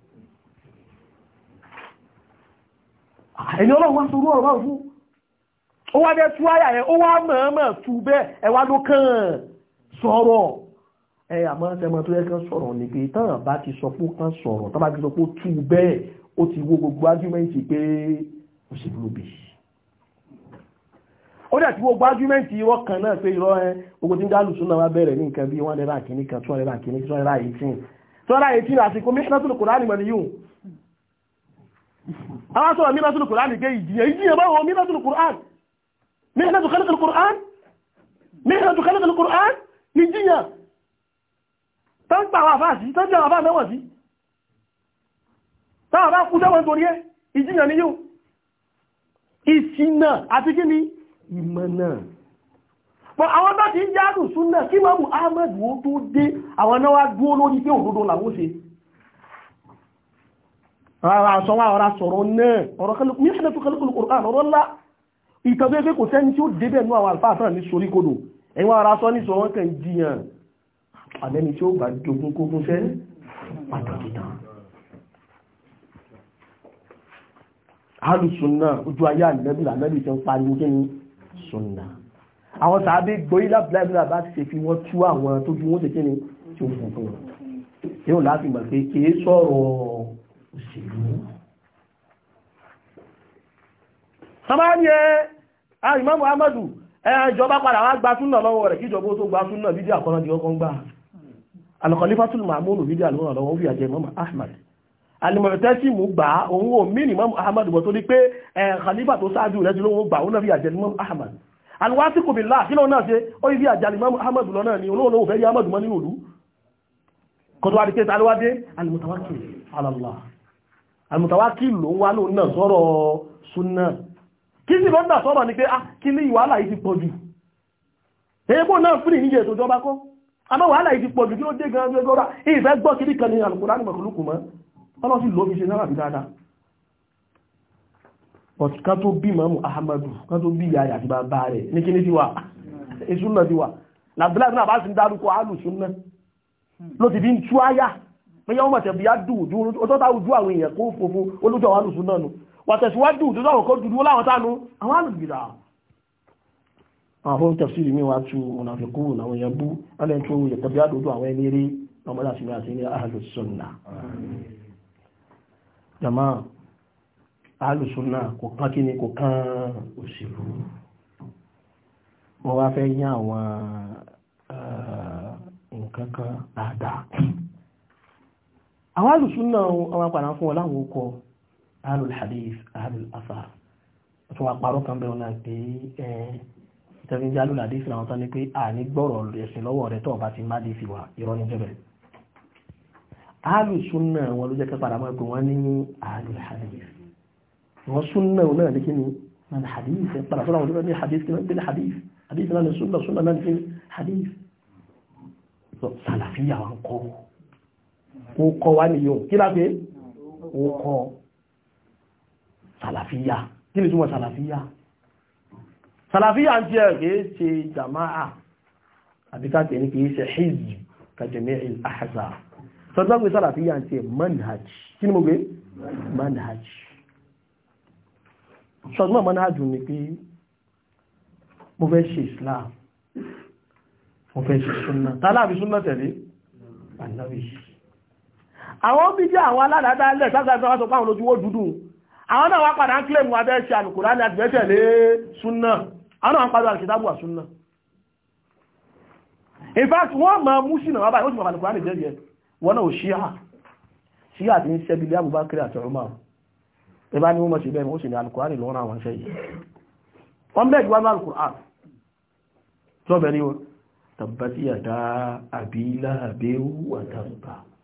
ẹni ọlọ́run wá sórú ọ̀rọ̀ fún ó wá jẹ́ tú àyà ẹ̀ ó wá mọ̀ọ́mọ̀ tú bẹ́ẹ̀ ẹwà ló kàn sọ̀rọ̀ ẹ àmọ́ ẹmọ́ tó yẹ kán sọ̀rọ̀ ní pé tán bá ti sọ pé kán sọ̀rọ̀ tán bá ti sọ pé tú bẹ́ẹ̀ ó ti wo gbogbo ájúmẹ́ǹtì pé ó sì lóbi ó dẹ̀ tí gbogbo ájúmẹ́ǹtì irọ́ kan náà pé irọ́ ẹ ogun tí ń dálù súnà wá bẹ̀rẹ̀ ní nǹkan bí wọ́n lẹ́ra kìíní kan tún lẹ́ra kìíní tún lẹ́ra 18 tún lẹ́ra 18 àsìkò àwọn sọ̀rọ̀ mírátùlù kùránì gé ìjìyà ìjìyà bá wọn mírátùlù kùránì mírátù kálùkù kùránì mírátù kálùkù kùránì ìjìyà tán pa àwọn àfáà sí tán jẹ́ àwọn àfáà mẹ́wọ̀n sí tán àfáà kú sẹ́wọ̀n torí ẹ ìjìyà ni yóò ìsìnà àti kí ni ìmọ̀nà pọ̀ àwọn bá ti ń jáàrù súnà kí mọ́mù ahmed wo tó dé àwọn náà wá dúó lórí pé òdodo làwọn ṣe rárá sọ wá ọ̀rá sọ̀rọ̀ náà ọ̀rọ̀ kálukú yóò ṣẹlẹ̀ tó kálukú Qur'an ọ̀rọ̀ ńlá ìtọ́jú ẹgbẹ́ kò sẹ́ni tí ó débẹ̀ nú àwọn àlùfáà sọ̀rọ̀ ní sorí kodò ẹ̀yin ara sọ ní sọ wọ́n kàn jiyàn àbẹ́ni tí ó bá jogun kógun fẹ́ pàtàkì tán alùsùnà ojú ayé ànẹ́bí ànẹ́bí tí ń pariwo kí ni sùnà àwọn sàábé gboyí lábìlábìlá bá ṣe fi wọ́n tú àwọn tó fi wọ́n ṣe kí ni tí ó fún fún wọn yóò láti mọ̀ sọ̀rọ̀ òṣèlú sọmọ́ni ẹ àìmọ́ muhammadu ẹjọba padà wá gba súnà lọ́wọ́ rẹ̀ kíjọba tó gba súnà bídí àkọ́nà di ọkọ̀ ń gbà alkhalifatul ma'mun bídí àlọ́nà lọ́wọ́ bí àjẹ imam ahmad alimọ̀tẹ́sìmù gbà òun ò mí ni imam ahmad bọ̀ tó pé khalifa tó sáájú rẹ̀ ti lówó gbà òun náà bí ahmad alwasiku billah kí lóun náà ṣe ó yí bí àjẹ imam ahmad lọ náà ni olóòlò òfẹ́ yí ahmad mọ́ nínú òlú kọ́tọ́ adìkẹ́ta alwádé alimọ̀tàwákì ala Allah àmùtàwákìlì ló ń wá lóun náà sọ̀rọ̀ súnà kí sì lọ́dà sọ̀rọ̀ ni pé ah, kí ní ìwàhálà yìí ti pọ̀ jù èébò náà fún ìníjẹ̀ ètò ìjọba kọ́ àmọ́ wàhálà yìí ti kí ló dé gan gbẹ́gọ́rà ló fi bí but kan tó bí Ahmadu kan tó bí ìyá àti bàbá rẹ̀ ní kí ní ti wà ìṣúná ti wà làbílẹ̀ náà bá ti ń tú áyà pé yọ́n mọ̀tẹ̀ bí á dùdú ọjọ́ tá ojú àwọn èèyàn kó funfun olójú àwọn alùsùn náà nù wàtẹ̀síwájú dúdú àwọn kó dúdú láwọn tánu àwọn alùgbìdà àwọn fún tẹ̀síìrì mi wá tu ònàfikú àwọn èèyàn bú alẹ́ tó yẹ á dúdú àwọn ẹni rí ọmọdé jama alùsùnà kò ni kò kán òṣèlú wọ́n wá fẹ́ àwọn alùsùn náà àwọn apàdà fún wọn láwọn okọ̀ alul hadith alul afar tó wà parọ́ kan bẹ̀rẹ̀ náà pé ìtẹ́fíjì alul hadith làwọn tán ní pé a ní gbọ́rọ̀ ẹ̀sìn lọ́wọ́ rẹ̀ tọ́ọ̀bá ti má dé fìwà irọ́ ní jẹ́bẹ̀ alùsùn náà wọn ló jẹ́ ní alul hadith wọ́n náà ní kí ni من حديث طلع طلع وجبنا لي حديث كمان بين حديث حديث لنا السنة السنة لنا في حديث ó kọ́ wá nìyàn kí láti ó kọ́ sàlàfíyà kí ni túnmọ̀ sàlàfíyà sàlàfíyà ń jẹ́ kìí ṣe jama'a àbíkáàtẹ̀ ní kìí ṣe hizb kàjẹ̀mẹ́ àhàzà sọ́jọ́ pé sàlàfíyà ń jẹ́ manhaj kí ni mo gbé manhaj ṣọgbọ́n manhaj ni pé àwọn bí jẹ́ àwọn aládàádá ilẹ̀ sáàgbà wọ́n sọ fáwọn olójúwó dúdú àwọn náà wá padà ń kílẹ̀ mú abẹ́ ṣe àlùkùrá ní àtìbẹ́tẹ̀ lé súnà àwọn náà padà àkìtàbù àsúnà in fact wọ́n ma mú sínà wá báyìí ó sì mọ̀ àlùkùrá ní jẹ́jẹ́ wọ́n náà ṣíà ṣíà ti ń ṣẹ́bi lé Abubakar àti Umar ìbá ní wọ́n mọ̀ sí bẹ́ẹ̀ ó sì ní àlùkùrá ní lọ́rọ̀ àwọn ṣẹ́yìn wọ́n bẹ́ẹ̀ ju wá ní àlùkùrá tó bẹ̀ ní tabbat yada abi lahabin wa tabba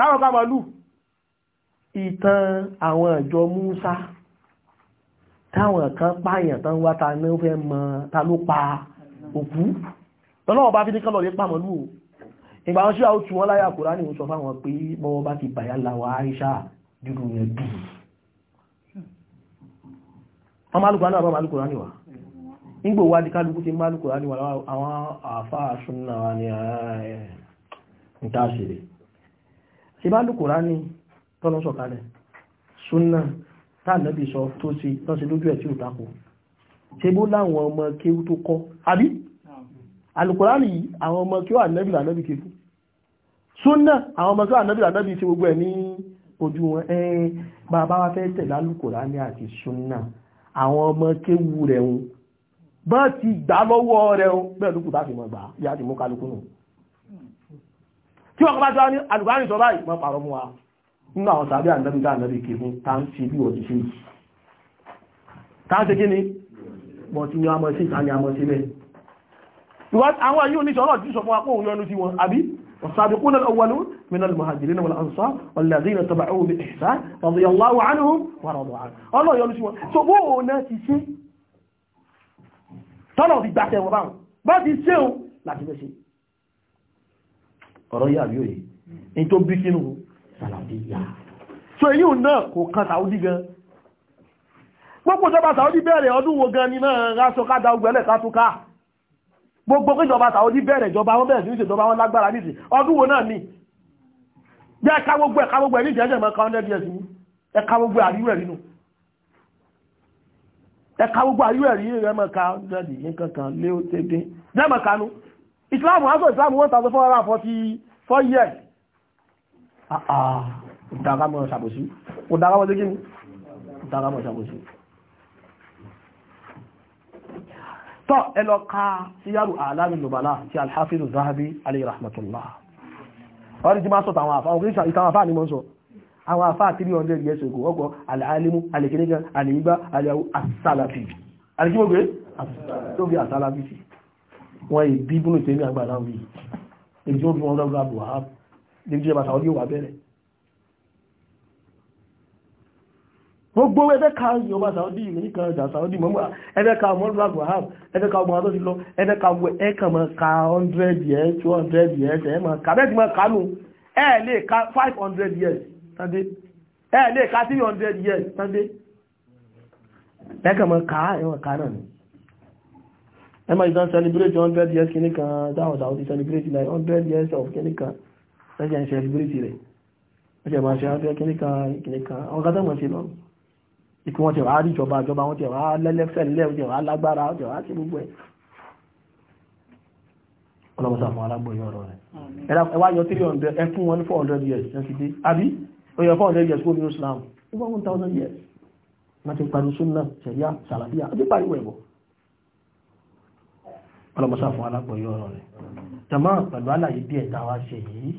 táwọn ká máa lù ìtàn àwọn ìjọ Músá táwọn kan pààyàn tán wá ta ní fẹ́ mọ̀ ta ló pa òkú tọ́lọ́wọ́ bá fi ní kọ́lọ̀ lè pàmọ̀ lù ó ìgbà wọn sí àwọn tí wọ́n láyà kò rá ní ìwòsàn fáwọn pé bọ́wọ́ bá ti bàyá láwà àríṣà dúdú yẹn bí wọ́n máa lùkùrá náà máa lùkùrá nígbò wá di kálukú ti máa lùkùrá àwọn àfáà súnnà wa ni ààrẹ ìtàṣẹ̀rẹ̀ ṣe bá lùkùrá ní tọ́nà sọ̀kalẹ̀ súnà tánàbí sọ tó sí lọ́sí lójú ẹ̀ tí ò tako ṣe bó láwọn ọmọ kéwú tó kọ́ àbí alùkùrá ní àwọn ọmọ kéwú ànábì ànábì kéwú súnà àwọn ọmọ kéwú ànábì ànábì ṣe gbogbo ẹ̀ ní ojú wọn ẹ bàbá wa fẹ́ tẹ̀lé alùkùrá ní àti súnà àwọn ọmọ kéwú rẹ̀ bá ti gbà lọ́wọ́ rẹ̀ bẹ́ẹ̀ lókù tí wọ́n kọ́ bá tó ní alùbárì sọ báyìí mọ́ pàrọ mú wa nínú àwọn tàbí àndẹ́bí tá àndẹ́bí kì fún tá ń ṣe bí wọ́n ti ṣe tá ń ṣe kí ni bọ̀ tí wọ́n mọ̀ sí ìta ni a bẹ́ẹ̀ والذين تبعوه بإحسان رضي الله عنهم ورضوا عنه الله يقول لك so bó o náà ti ṣe láti fẹ́ ṣe ọ̀rọ̀ yà bí òye ní tó bí sínú sàlàbíyà so èyí ò náà kò kan sàúdí gan gbogbo ìjọba sàúdí bẹ̀rẹ̀ ọdún wo gan ni náà ráṣọ ká da ogbẹ̀lẹ̀ ká túká gbogbo ìjọba sàúdí bẹ̀rẹ̀ ìjọba wọn bẹ̀rẹ̀ sí ìṣèjọba wọn lágbára nìsí ọdún wo náà ni jẹ́ ká gbogbo ẹ̀ká gbogbo ẹ̀ ní ìjẹ́jẹ̀ mọ́ ká ọ́ndẹ́ díẹ̀ islam aṣọ islam 1444 years àà ah, ìdáramọ̀ ah, ṣàbòsí ìdáramọ̀ tó gíní ìdáramọ̀ ṣàbòsí tọ́ ẹlọ́ka síyàrù àlámi nùbàlá ti alhafizu zahabi alayhi rahmatullah wọ́n ni jí máa sọ́tọ̀ àwọn àfáà oríṣà ìtàwọn àfáà ni mọ́ sọ àwọn àfáà 300 years ago ọkọ̀ al'alimu alìkìníkan alìyígbá alìyàwó asálàfí alìkíwọ́gbé tó fi asálàfí wọn ìbí bínú tèmi àgbàlá wí èyí tí ó bí wọn lọ́gbà bù á níbi jẹ́ bàtà ọdí wà bẹ̀rẹ̀ gbogbo ẹgbẹ́ ká yọ bá sàódì ìrìn kan ìjà sàódì mọ́mọ́ ẹgbẹ́ ká ọmọ ọdún àgbà hàn ẹgbẹ́ ká ọmọ ọdún sí lọ ẹgbẹ́ ká ọmọ ẹkà mọ́ ká 100 years 200 years ẹ mọ́ ká bẹ́ẹ̀ mọ́ ká nù ẹ lè ká 500 years sáde ẹ lè ká 300 years sáde ẹkà mọ́ ká ẹwọ̀n ká náà ni ẹmọ ìdán celebrate 100 years kìíní kan dáwọn dáwọn ti celebrate like 100 years of kìíní kan lẹ́jẹ̀ ń celebrate rẹ̀ lẹ́jẹ̀ máa ṣe afẹ́ kìíní kan kìíní kan àwọn kan tẹ́mọ̀ sí lọ ikú wọn ti wá rí ìjọba ìjọba wọn ti wá lẹ́lẹ́fẹ́ lẹ́ wọn ti wá lágbára wọn ti wá sí gbogbo ẹ̀ ọlọ́mọsá fún alágbóyún ọ̀rọ̀ rẹ̀ ẹ wá yọ 300 ẹ fún wọn ní 400 years ẹ ti dé àbí ó yọ years kó ní Islam ó bá 1000 years wọ́n ti parí sunna sẹ̀ríà sàlàfíà ó ti parí wẹ̀bọ̀ ọlọ́mọsá fún alágbòye ọ̀rọ̀ rẹ̀ tẹ̀mọ́ pẹ̀lú àlàyé bí ẹ̀dá wa ṣe yìí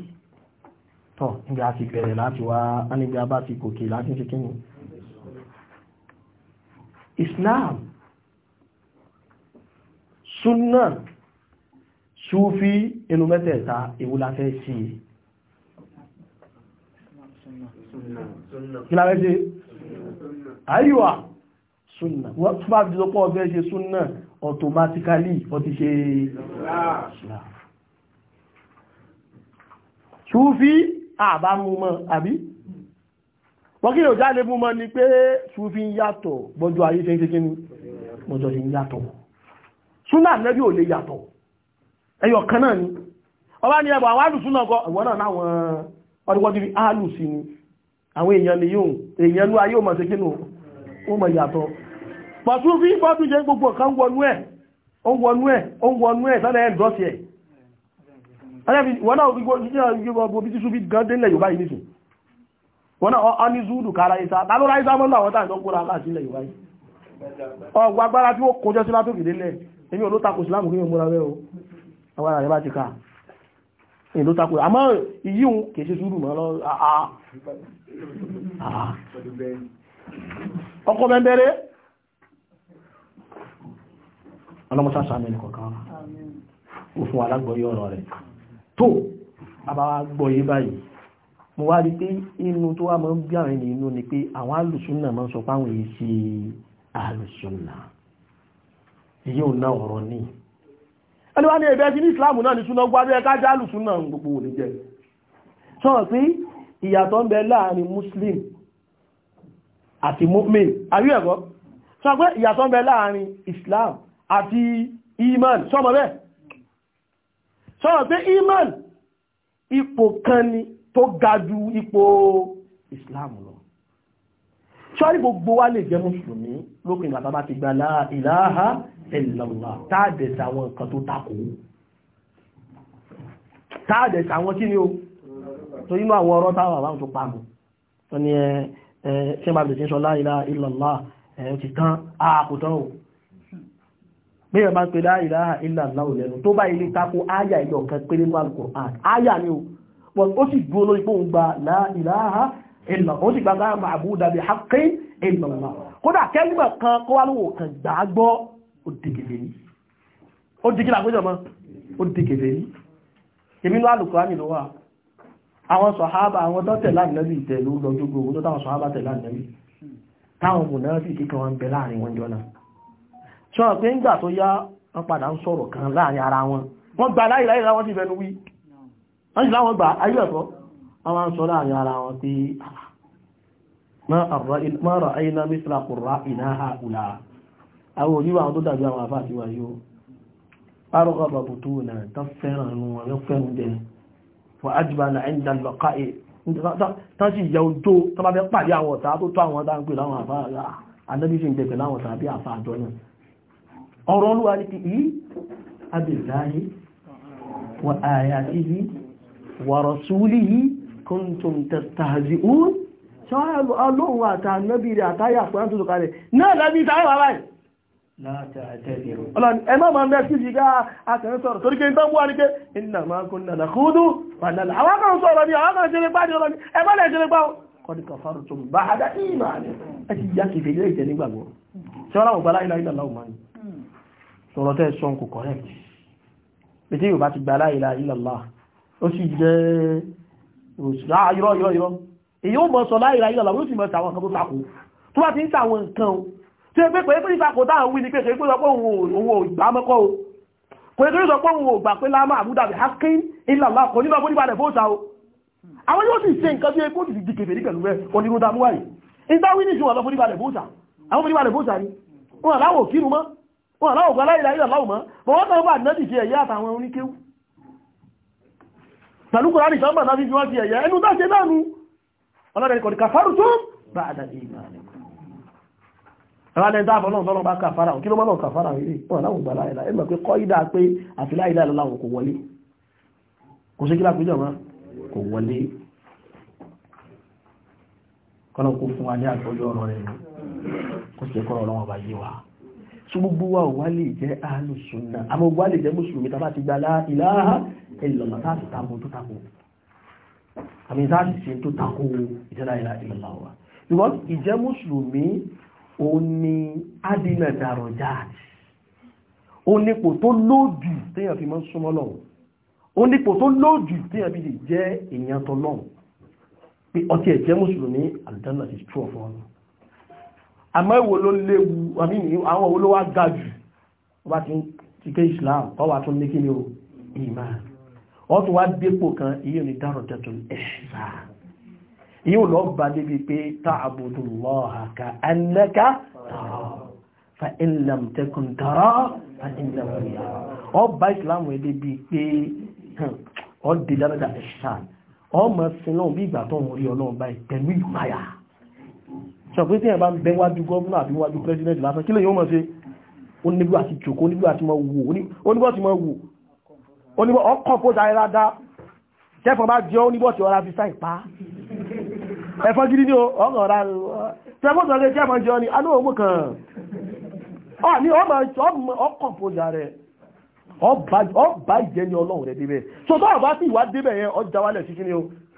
tọ̀ níbi a ti bẹ̀rẹ̀ láti wá níbi a bá ti gòkè láti ṣe kíni Islam sunna sufi inú mẹ́tẹ̀ẹ̀ta èwo la fẹ́ sí i kí la fẹ́ ṣe àyíwá sunna wọ́n tún bá fi sọ pé ọ̀fẹ́ sunna automatically o ti ṣe ṣúfí àbá mú mọ́ àbí wọ́n kí ló jáde mú mọ́ ni pé ṣúfí ń yàtọ̀ gbọ́jọ́ ayé ṣe ń ṣe kí ní gbọ́jọ́ ṣe ń yàtọ̀ súnà nẹ́bí ò lè yàtọ̀ ẹyọ kan náà ni ọba ni ẹgbà àwọn alùsùn náà kọ ìwọ̀n náà láwọn ọdúnwọ́dí alùsì ni àwọn èèyàn ni yóò èèyàn ló ayé ò mọ̀ sí kínú pàtún fi pàtún jẹ́ gbogbo ọ̀kan wọnú ẹ̀ o wọnú ẹ̀ o wọnú ẹ̀ sálẹ̀ ẹ̀ndọ́sì ẹ̀ wọ́n náà gbogbo bí ti súnfí gan délẹ̀ Yorùbá yìí nìsìn wọ́n náà ọ ní zúùdù kára ìsá tàbíra ìsá mọ́lá àwọn tàbí ọkùnrin aláàsílẹ̀ Yorùbá yìí ọgbà agbára tí ó kọjọ́ sí látòkì délẹ̀ èmi ò ló takò sílámù kí mọ́ra rẹ̀ o àwọn àrẹ̀ bá ti ká èmi ló takò àmọ́ ìyíhun kìí ṣe sùúrù mọ́ lọ ọkọ̀ mẹ́bẹ̀rẹ̀ ọlọ́mọsá sàmì nìkọ̀kan ó fún alágbọ̀yí ọ̀rọ̀ rẹ̀ tó àbáwágbọ̀yí báyìí mo wá rí pé ni pé àwọn alùsùnà mọ́ sọ fáwọn èyí sí alùsùnà èyí ò ná ọ̀rọ̀ ní ẹni wá ní ẹ̀bẹ́ sí ní ìsìláàmù náà ní súná gbádùn ẹ̀ká já gbogbo òní jẹ sọ̀rọ̀ pé ìyàtọ̀ ń bẹ láàrin muslim àti mu'min àríwẹ̀kọ́ sọ pé ìyàtọ̀ ń bẹ láàrin islam àti iman sọ́mọ̀ bẹ́ẹ̀ sọ́mọ̀ pé iman ipò kan ni tó ga ju ipò islam lọ sọ́rí gbogbo wa lè jẹ́ mùsùlùmí lópin ìgbà bá ti gbà la ilaha illallah táàdẹ̀sà àwọn nǹkan tó takò táàdẹ̀sà àwọn kí ni o tó inú àwọn ọ̀rọ̀ táwọn àwọn tó pàmù tó ní ẹ ṣe máa bèèrè sọ la ilaha illallah ẹ̀ ti tán bẹ́ẹ̀ bá pè la ilaha illallah lẹ́nu tó bá ilé tako áyà ìlọ kan péré ní Al-Qur'an áyà ni ó sì dúró lórí pé òun gba la ilaha illallah ó sì gba láàmà ma'buda bi haqqin illallah kódà kẹ́lùmọ̀ kan kó wá lóhùn kan gbàgbọ́ ó dìgìlẹ̀ ní ó dìgìlẹ̀ àpéjọ mọ́ ó dìgìlẹ̀ ní èmi ló Al-Qur'an nílò wa àwọn sọ̀hábà àwọn tó tẹ̀lá ìlẹ́bí ìtẹ̀lú lọ́jọ́gbò tó táwọn sọ̀hábà tẹ̀lá ìlẹ́bí táwọn mùnà sì kíkan wọn bẹ láàrin wọn jọ náà ṣọ́nà pé ńgbà tó yá wọ́n padà ń sọ̀rọ̀ kan láàrin ara wọn wọ́n gba láìláì láwọn ti fẹnu wí wọ́n sì láwọn gba ayílẹ̀kọ́ wọ́n máa ń sọ láàrin ara wọn pé ma ra'ayna mithla qurra'ina ha'ula àwọn òníwà tó dàbí àwọn àfáà tiwa yóò arọ́gọ́ bàbùtù náà tán fẹ́ràn wọn yóò fẹ́ràn jẹ wọ́n ájúbà náà ń dàn lọ́kà ẹ̀ tán sì yẹ ojó tán bá fẹ́ pàdé àwọn ọ̀tá tó tó àwọn ọ̀tá láwọn àfáà náà ọ̀rọ̀ olúwa ní kìí abìláyé wa ayatihi wa rasulihi kuntum tastahzi'un ṣọ́lọ́wọ́ àtànẹ́bì rẹ̀ àtàyà pẹ̀lú tó tọ́kalẹ̀ náà lábí ìtàrí wà báyìí ẹmọ́ ma ń bẹ́ sí ìjìgá àtẹ̀rẹ́ sọ̀rọ̀ torí kí n tán wà ní pé iná máa kún náà kúrú pàdánà àwọn kan sọ̀rọ̀ ní àwọn kan ọlọ́ni ẹmọ́ sọ̀rọ̀ tẹ́ sọ kò correct ètí yóò bá ti gbà láìlà ìlàlá ó sì jẹ́ òṣìṣà ah, irọ́ irọ́ irọ́ èyí ó mọ̀ sọ láìlà ìlàlá ó sì mọ̀ sàwọn nǹkan tó takò tó bá ti ń sàwọn nǹkan tí ó pé pé pé ìtakò táwọn wí ni pé kò sọ pé òun ò gbà mọ́kọ́ o kò ní sọ pé òun ò gbà pé láàmà àbúdà bí hakin ìlàlá kò nígbà fún ìbàdàn fóòsà o àwọn yóò sì ṣe nǹkan tí ó kó ti di kèfèrí pẹ̀lú rẹ̀ onírúdàmúwáyì ìtawí ní ìṣúwà lọ fún ìbàdàn fóòsà àwọn fún ìbàdàn fóòsà ni wọn àláwọ̀ kírun mọ́ wọn aláwọ̀ gbá láìlà ilẹ̀ aláwọ̀ mọ́ bọ̀ wọ́n tàbí àdínẹ́dì fi ẹ̀yẹ àtàwọn oníkéwú pẹ̀lú kòránì sọ́mbà náà fífi wọ́n fi ẹ̀yẹ ẹnu dáṣe dánú ọlọ́dẹ̀ni kọ̀dí kàfàrù tó bá àdàdì ìmọ̀ Kọ́lọ̀kú fún wa ní àgbójú ọ̀rọ̀ rẹ̀ kó ṣe kọ́rọ̀ ọlọ́wọ́ bá yíwa tí gbogbo wa ò wá lè jẹ́ alùsùnà àmọ́ gbogbo wa lè jẹ́ mùsùlùmí tàbá ti gba la ilaha illallah táàtì tako tó tako àmì táàtì ṣe tó tako ìjẹ́lá ìlà illallah wa because ìjẹ́ mùsùlùmí ó ní adìnà dàrọ̀jáàtì ó nípò tó lóòjù téèyàn fi máa ń súnmọ́ lọ́wọ́ ó nípò àmọ́ ìwò ló léwu àwọn owó ló wá ga jù wá ti ti ké islam ọ wà tún ní kí ni o ìmá wọ́n tún wá dépò kan ìyẹn ni dárò tẹ̀tún ẹ̀ṣà ìyẹn lọ bá débi pé ta'budu Allaha ka'annaka tarahu fa in lam takun tarahu fa sọ pé tí ẹ̀ bá ń bẹ wájú gọ́ọ̀nà àbí wájú president lásán kí lè yóò mọ̀ sí onígbò àti jòkó onígbò àti mọ̀ wò onígbò àti mọ̀ wò onígbò ọkọ̀ fó dáre ládá tẹ́fọn bá jẹ́ onígbò tí ọ̀rá fi sáì pa ẹ̀fọn gidi ní ọ̀rọ̀ ọ̀rá tẹ́fọn tó lè tẹ́fọn jẹ́ ni alóòmù kan ọ̀ ní ọkọ̀ fó dáre ọba ìjẹ́ ni ọlọ́run rẹ̀ débẹ̀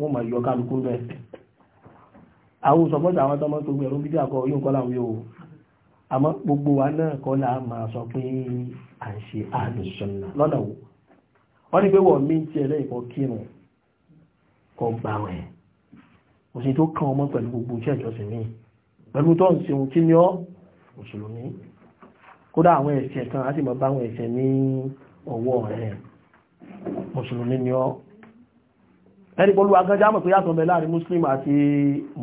wọ́n máa yọ kálukú bẹ́ẹ̀ àwọn sọpọ́tà àwọn tọmọ tó gbẹ̀rún bídí àkọ yóò kọ́ láwọn yóò àmọ́ gbogbo wa náà kọ́ là máa sọ pé à ń ṣe àlùsọ̀nà lọ́nà wo wọ́n ní pé wọ́n mí ti ẹ̀rẹ́ ìkọ́ kírun kọ́ gbà wẹ̀ òsì tó kàn ọmọ pẹ̀lú gbogbo iṣẹ́ ìjọsìn ní pẹ̀lú tó ń seun kí ni ọ́ òṣèlúmí kódà àwọn ẹ̀ṣẹ̀ kan á sì mọ̀ bá àwọn ẹ̀ṣẹ̀ ní ọwọ́ rẹ̀ mùsùlùmí ni ọ́ ẹni pọ̀lú agánjá mọ̀ pé yàtọ̀ bẹ láàrin muslim àti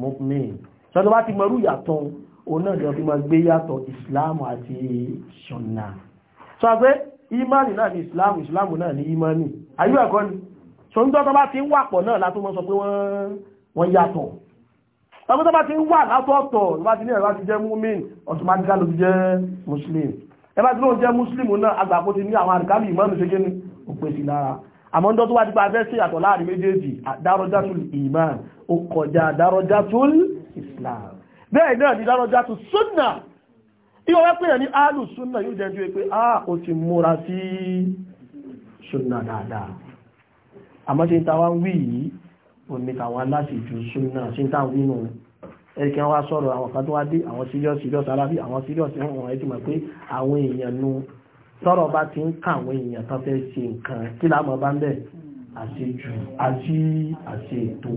mu'min sọ́dọ̀ bá ti mọ̀rú yàtọ̀ òun náà jọ fi máa gbé yàtọ̀ islam àti ṣọ̀nà sọ pé imani náà ni islam islam náà ni imani ayú ẹ̀kọ́ ni so ń tọ́tọ́ bá ti ń wà pọ̀ náà látó mọ́ sọ pé wọ́n yàtọ̀ tọ́bí tọ́ bá ti ń wà látọ̀ọ̀tọ̀ bá ti ní ẹ̀rọ ti muslim ẹ bá ti lóun jẹ́ muslim náà agbàpọ̀ ti àmọ́ndọ́ tó wá ti pa afẹ́ sí àtọ̀ láàrin méjèèjì dárọjátùl iman ó kọjá dárọjátùl islam bẹ́ẹ̀ náà ni dárọjátùl súnà yíò wẹ́ pèèyàn ní áàlù súnà yóò jẹ́jú pé a ah, ó ti múra sí súnà dáadáa àmọ́ ṣe ń ta wá ń wí yìí ó ní tàwọn aláṣìjú súnà ṣe ń ta wí nù ẹ̀kẹ́ wá sọ̀rọ̀ àwọn kan tó wá dé àwọn síríọ̀sì àwọn síríọ̀sì àwọn ẹ̀jùmọ̀ pé àwọn èèyàn nù tọ́rọ̀ bá ti ń kà àwọn èèyàn tó fẹ́ ṣe nǹkan kí lámọ̀ bá ń bẹ̀ àṣejù àti àṣètò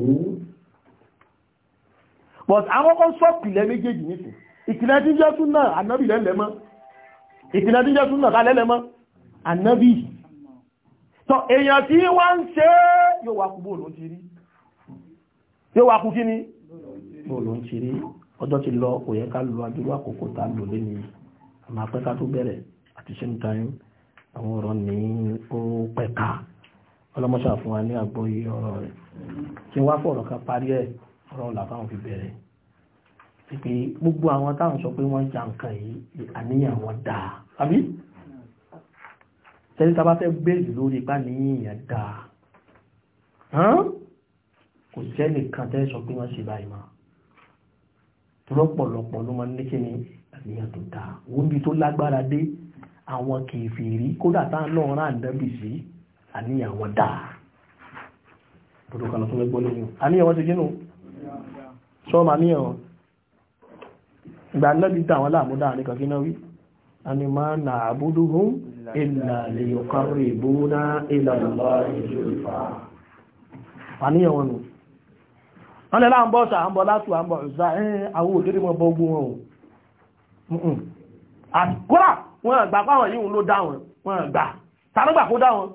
but àwọn kan sọ pìlẹ̀ méjèèjì nìsín ìpìlẹ̀ tí jẹ́ súnà ànábì lẹ́lẹ́mọ́ ìpìlẹ̀ tí jẹ́ súnà ká lẹ́lẹ́mọ́ ànábì tọ èèyàn tí wọ́n ń ṣe yóò wà kú bóòlù ń ti rí yóò wà kú kí ni bóòlù ń ti rí ọjọ́ ti lọ kò yẹ ká lu adúrú àkókò tá lò lé same time àwọn ọ̀rọ̀ ní ó pẹ̀ka ọlọ́mọṣà fún wa ní àgbọ́yé ọ̀rọ̀ rẹ̀ tí wá fọ̀rọ̀ kan parí ẹ̀ ọ̀rọ̀ làbáwọn fi bẹ̀rẹ̀ pé gbogbo àwọn táwọn sọ pé wọ́n jà nǹkan yìí àníyàn wọn dáa àbí tẹ́lẹ̀ tá bá fẹ́ bẹ́ẹ̀lì lórí ipá níyàn dáa kò jẹ́ nìkan tẹ́ sọ pé wọ́n ṣe báyìí máa tọ́lọ́pọ̀lọpọ̀ ló máa ń ní kí ni àníyàn tó dáa wọ́n bí tó lágbára dé àwọn kèfèrí kódà tá lọ́n rán ànábì sí àníyàn wọn dáa gbogbo kan tó mẹ́gbọ́n lóyún àníyàn wọn ti jínú sọ́ọ̀mà níyàn wọn ìgbà ànábì tà wọn láàmú dáa nìkan kí náà wí ani ma na abuduhum illa li yuqarribuna ila allahi zulfa ani yawon wọ́n lẹ́la wọn àgbà páwọn yíò ló dá wọn wọn àgbà tàbígbà kó dá wọn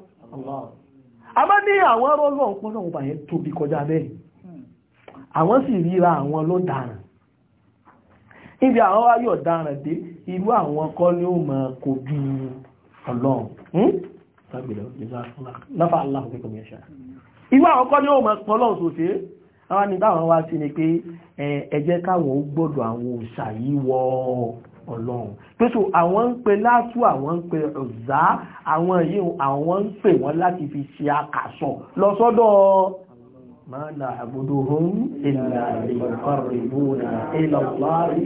àmọ́ ní àwọn rọ́lọ́ ọpọlọ ọba yẹn tóbi kọjá bẹ́ẹ̀ àwọn sì ríra àwọn ló dáràn níbi àwọn ayọ̀ dáràn dé irú àwọn kọ́ ni ó mọ̀ kojú ọlọ́run hmm? irú àwọn kọ́ ni ó mọ̀ pọ̀lọ́ àwọn ní wá sí ni pé ẹ jẹ́ káwọn ó gbọ́dọ̀ àwọn òòṣà yìí wọ ọlọ́run pé so àwọn ń pe látú àwọn ń pe ọ̀zá àwọn yìí àwọn ń pè wọ́n láti fi ṣe àkàsọ̀ lọ sọ́dọ̀ máa la àbúdó hún ìlà ìkọrìbó na ìlà ọ̀lárí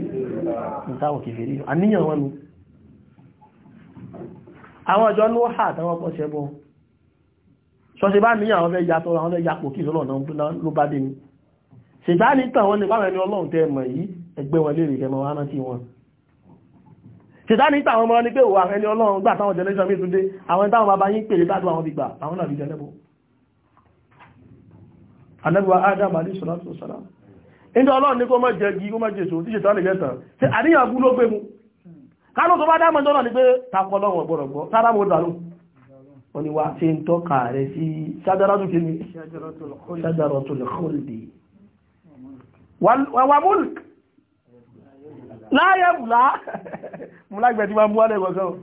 ìtàwọn kìfèrí àníyàn wọn ni àwọn ọjọ́ ló hà àtàwọn pọ̀ ṣẹ́bọ̀ sọ́sẹ́ bá níyàn àwọn fẹ́ yàtọ̀ àwọn kí ìsọ́lọ̀ náà ló bá dé ni ṣètàní tàn wọn ní báwọn ẹni ọlọ́run tẹ́ mọ̀ yìí ẹgbẹ́ wọn lè rí kẹmọ wá rántí wọn ṣètàní tàn wọn mọ́ ní pé òwà ẹni ọlọ́run gbà táwọn generation mi túnde àwọn táwọn bàbá yín pèrè tàbí àwọn gbígbà àwọn làbí jẹlẹ́bù anẹ́bùwa adam alẹ́ sọ́lọ́tò sọ́lá ẹni ọlọ́run ní kó mọ́ jẹ gi kó mọ́ jẹ sòrò tí ṣètàní jẹ tàn ṣe àníyàn bú ló gbé mu kálọ́ tó bá dámọ̀ tọ́nà ni pé takọ lọ́wọ́ gbọ́dọ̀ gbọ́ sára mo dànù wọ́n ni wá ṣe ń tọ́ka rẹ̀ sí ṣájára tó kí ni ṣájára tó lè kọ́lì wà múlùk láyé múlá múlágbẹ̀ tí ma mú wálẹ̀ gbọ́gbọ́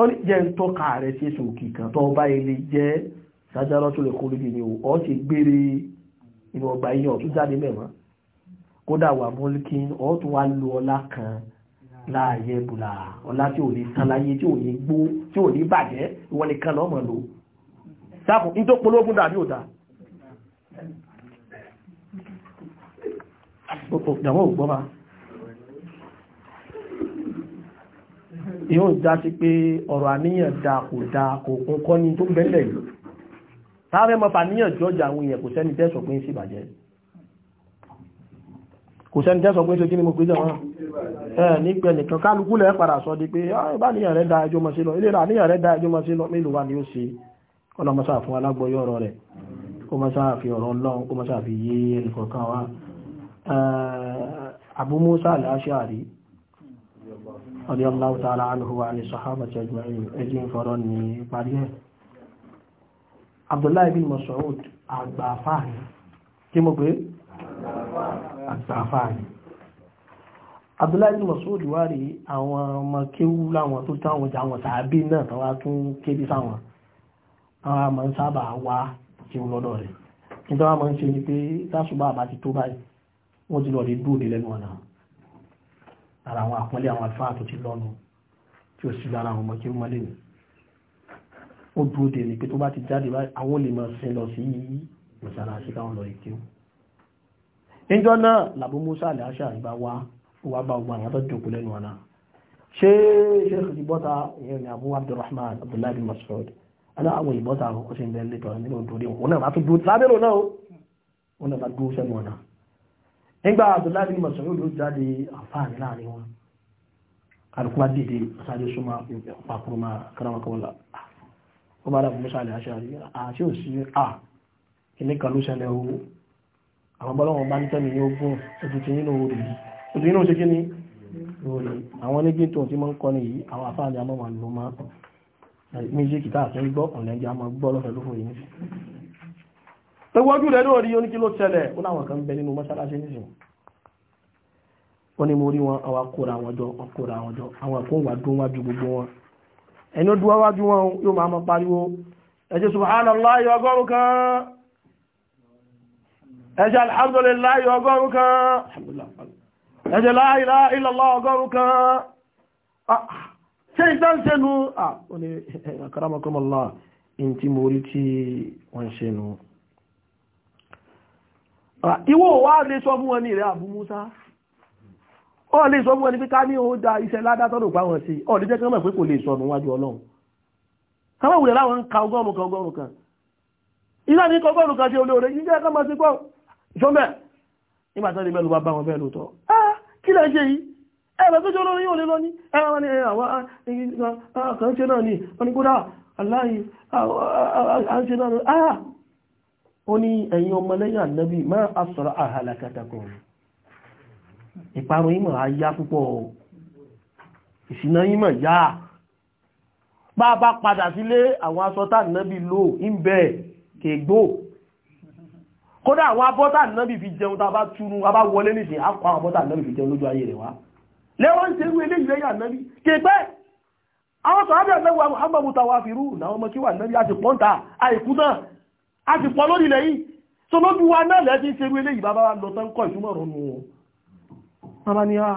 ó ní jẹ́ ń tọ́ka rẹ̀ sí èsù òkè kan tó bá ilé jẹ́ sájárọ́ tó lè kó lórí ni ó ti gbére inú ọgbà iyàn tó jáde mẹ́wàá kódà wà múlùkín ó tún wá lo ọlá tí ò ní sáláyé tí ò ní gbó tí ò ní bàjẹ́ ìwọ nìkan lọ́mọ lò sáfún ní tó polówó dàbí ò dáa ìyàwó ògbọ́mà yóò já sí pé ọ̀rọ̀ àníyàn da kò da kò kún kọ́ ní tó bẹ́lẹ̀ yìí táàrẹ mọ́fà níyàn jọjà àwọn èèyàn kò sẹ́ni tẹ́sọ̀ pé ń sì bàjẹ́ kò sẹ́ni tẹ́sọ̀ pé ń ṣe kí ni mo pè jẹ́ wọn ẹ̀ nígbẹ̀ nìkan kálukú lẹ́ padà sọ di pé ìbáníyàn ah, rẹ̀ da ẹjọ́ mọ́ sí lọ ilé ìràníyàn rẹ̀ da ẹjọ́ Eh, Abu Musa al-Ash'ari radiyallahu ta'ala anhu wa ni sahabati ajma'in ẹjìn fọ́rọ̀ ní parí ẹ̀ Abdullahi bin Mas'ud àgbàfáàní kí mo pé àgbàfáàní Abdullahi bin Mas'ud wá rí àwọn ọmọ kéwú láwọn tó táwọn jà wọn tàbí náà tàwà tún kébí sáwọn àwọn àmọ́ sábà wá kí lọ́dọ̀ rẹ̀ nítorí àwọn wọ́n ti lọ rí dúró lẹ́nu ọ̀nà ara àwọn àpọ́nlé àwọn àlfáà tó ti lọ́nu tí ó sì lára àwọn ọmọ kí ó mọ́lé ní ó dúró dé ní pé tó bá ti jáde àwọn olè máa sin lọ sí mọ́sálásí káwọn lọ rí kí ó níjọ́ náà làbó Musa àlẹ́ àṣà ìgbà wá wà bá ogun àwọn àtọ́jọ́kù ọ̀nà ṣé ọ̀nà nígbà Abdullahi bin Mas'ud ló jáde àǹfààní láàrin wọn alùpùpá dìde sáré súnmọ́ pàkúrò máa karamakọ́lá ó bá dàbí musa àlẹ́ àṣàrí àti òsì à ilé kan ló ṣẹlẹ̀ o àwọn bọ́lọ́wọ́n bá ní tẹ́mi ní ogún ètùtù nínú orí ètùtù nínú ṣe kí ni orí àwọn onígbé tó ti máa ń kọ́ ẹwọ́jú rẹ̀ lórí yóò ní kí ló tẹ́lẹ̀ ó láwọn kan bẹ nínú mọ́sálásí nísìn wọ́n ni mo rí wọn àwọn akóra àwọn jọ akóra àwọn jọ àwọn wà dún wájú gbogbo wọn ẹni ó dúwá wájú wọn yóò máa mọ́ pariwo ẹ jẹ́ subhanallah ọgọ́rùn kan ẹ jẹ́ alhamdulillah ọgọ́rùn kan ẹ jẹ́ la ilaha illallah ọgọ́rùn kan ah, ah ó ní karamakumullah in ti mo rí tí Ah, ìwọ wá lè sọ fún wọn ní ìrẹ́ Abu Musa ó lè sọ fún wọn ní píká ní ó da iṣẹ́ ládátọ́dọ̀ pa wọn sí ó lè jẹ́ kí wọ́n mọ̀ pé kò lè sọnù wájú Ọlọ́run káwọn wùlẹ̀ láwọn ń ka ọgọ́rùn kan ọgọ́rùn kan iná ní ọgọ́rùn kan ṣe olóore yìí jẹ́ kọ́mọ sí pọ́n ṣọ́mẹ̀ nígbà tó lè bẹ́ẹ̀ ló bá bá wọn bẹ́ẹ̀ lóòótọ́ kí lẹ́ ṣe yìí ẹ̀rọ tó jẹ́ olórí yóò lé lọ ní ẹ̀rọ wọn ni àwọn ah, ah, kan ṣe náà ni wọn ni kódà aláì à ń ṣe náà ni ó ní ẹ̀yin ọmọlẹ́yìn ànábì má asọ̀rọ̀ àhàlàkàtàkùn ìparun ìmọ̀ ayá púpọ̀ ìṣìnà ìmọ̀ yá bá bá padà sílé àwọn asọ́tà ànábì lò ń bẹ̀ kègbò kódà àwọn abọ́tà ànábì fi jẹun tá a bá túnú a bá wọlé nìṣẹ́ àwọn abọ́tà ànábì fi jẹun lójú ayé rẹ̀ wá lẹ́wọ́n ṣe wa Muhammadu tawafiru làwọn ọmọ kí wà a ti pọ̀ lórí ilẹ̀ yìí tó ló bí wa náà lẹ́ẹ̀tí ṣe wí eléyìí bàbá lọ tán kọ́ ìtumọ̀ ọ̀rọ̀ ah, ah, wọn bàbá ni a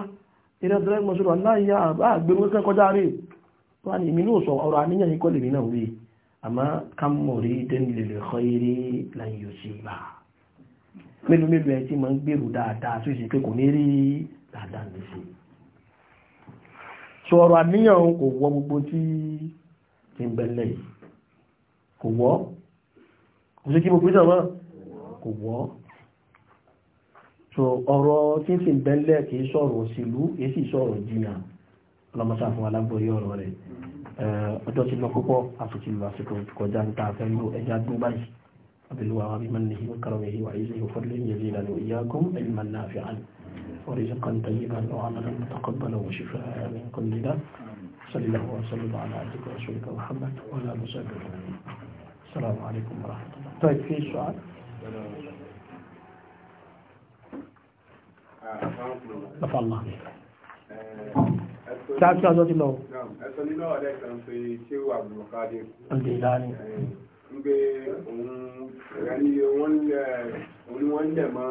eré direct mọ́ṣúrọ̀ aláìyá àgbẹ̀rún kẹ́kẹ́ kọjá rè wà ní ìmínú sọ ọ̀rọ̀ àníyàn yìí kọ́ lèmi náà wí àmọ́ ká mọ̀ rí dẹ́nilẹ̀ lè kọ́ eré láyé òsì bá mélòó mélòó ẹ ti máa ń gbèrú dáadáa tó ìsìnkú kò ní gbogbo tí ń bẹ̀lẹ̀ kò wọ́ kò sí kí mo pínlẹ̀ wọn kò wọ́ so ọ̀rọ̀ tí ń fi bẹ́lẹ̀ kìí sọ̀rọ̀ òṣèlú èyí sì sọ̀rọ̀ jìyà ọlọ́mọsá fún alágbóyé ọ̀rọ̀ rẹ̀ ọjọ́ ti lọ púpọ̀ àtúntì lọ àsìkò kọjá ń ta fẹ́ ló ẹja dún báyìí أبلوا بمنه وكرمه وعزه وفضله يزيدنا وإياكم علما نافعا ورزقا طيبا وعملا متقبلا وشفاء من كل داء صلى الله وسلم على عبدك ورسولك محمد وعلى آله وصحبه السلام عليكم ورحمة الله perpetual. Afàlá. Ṣáàkì ọjọ́ ti lọ. Ẹ̀sọ́ nínú ọ̀dẹ́ kan pé ṣé wà bùrọ̀kádé. Ọdẹ ìlànà. Ń gbé òun rẹ̀ ní wọ́n lẹ̀ òun wọ́n lẹ̀ mọ́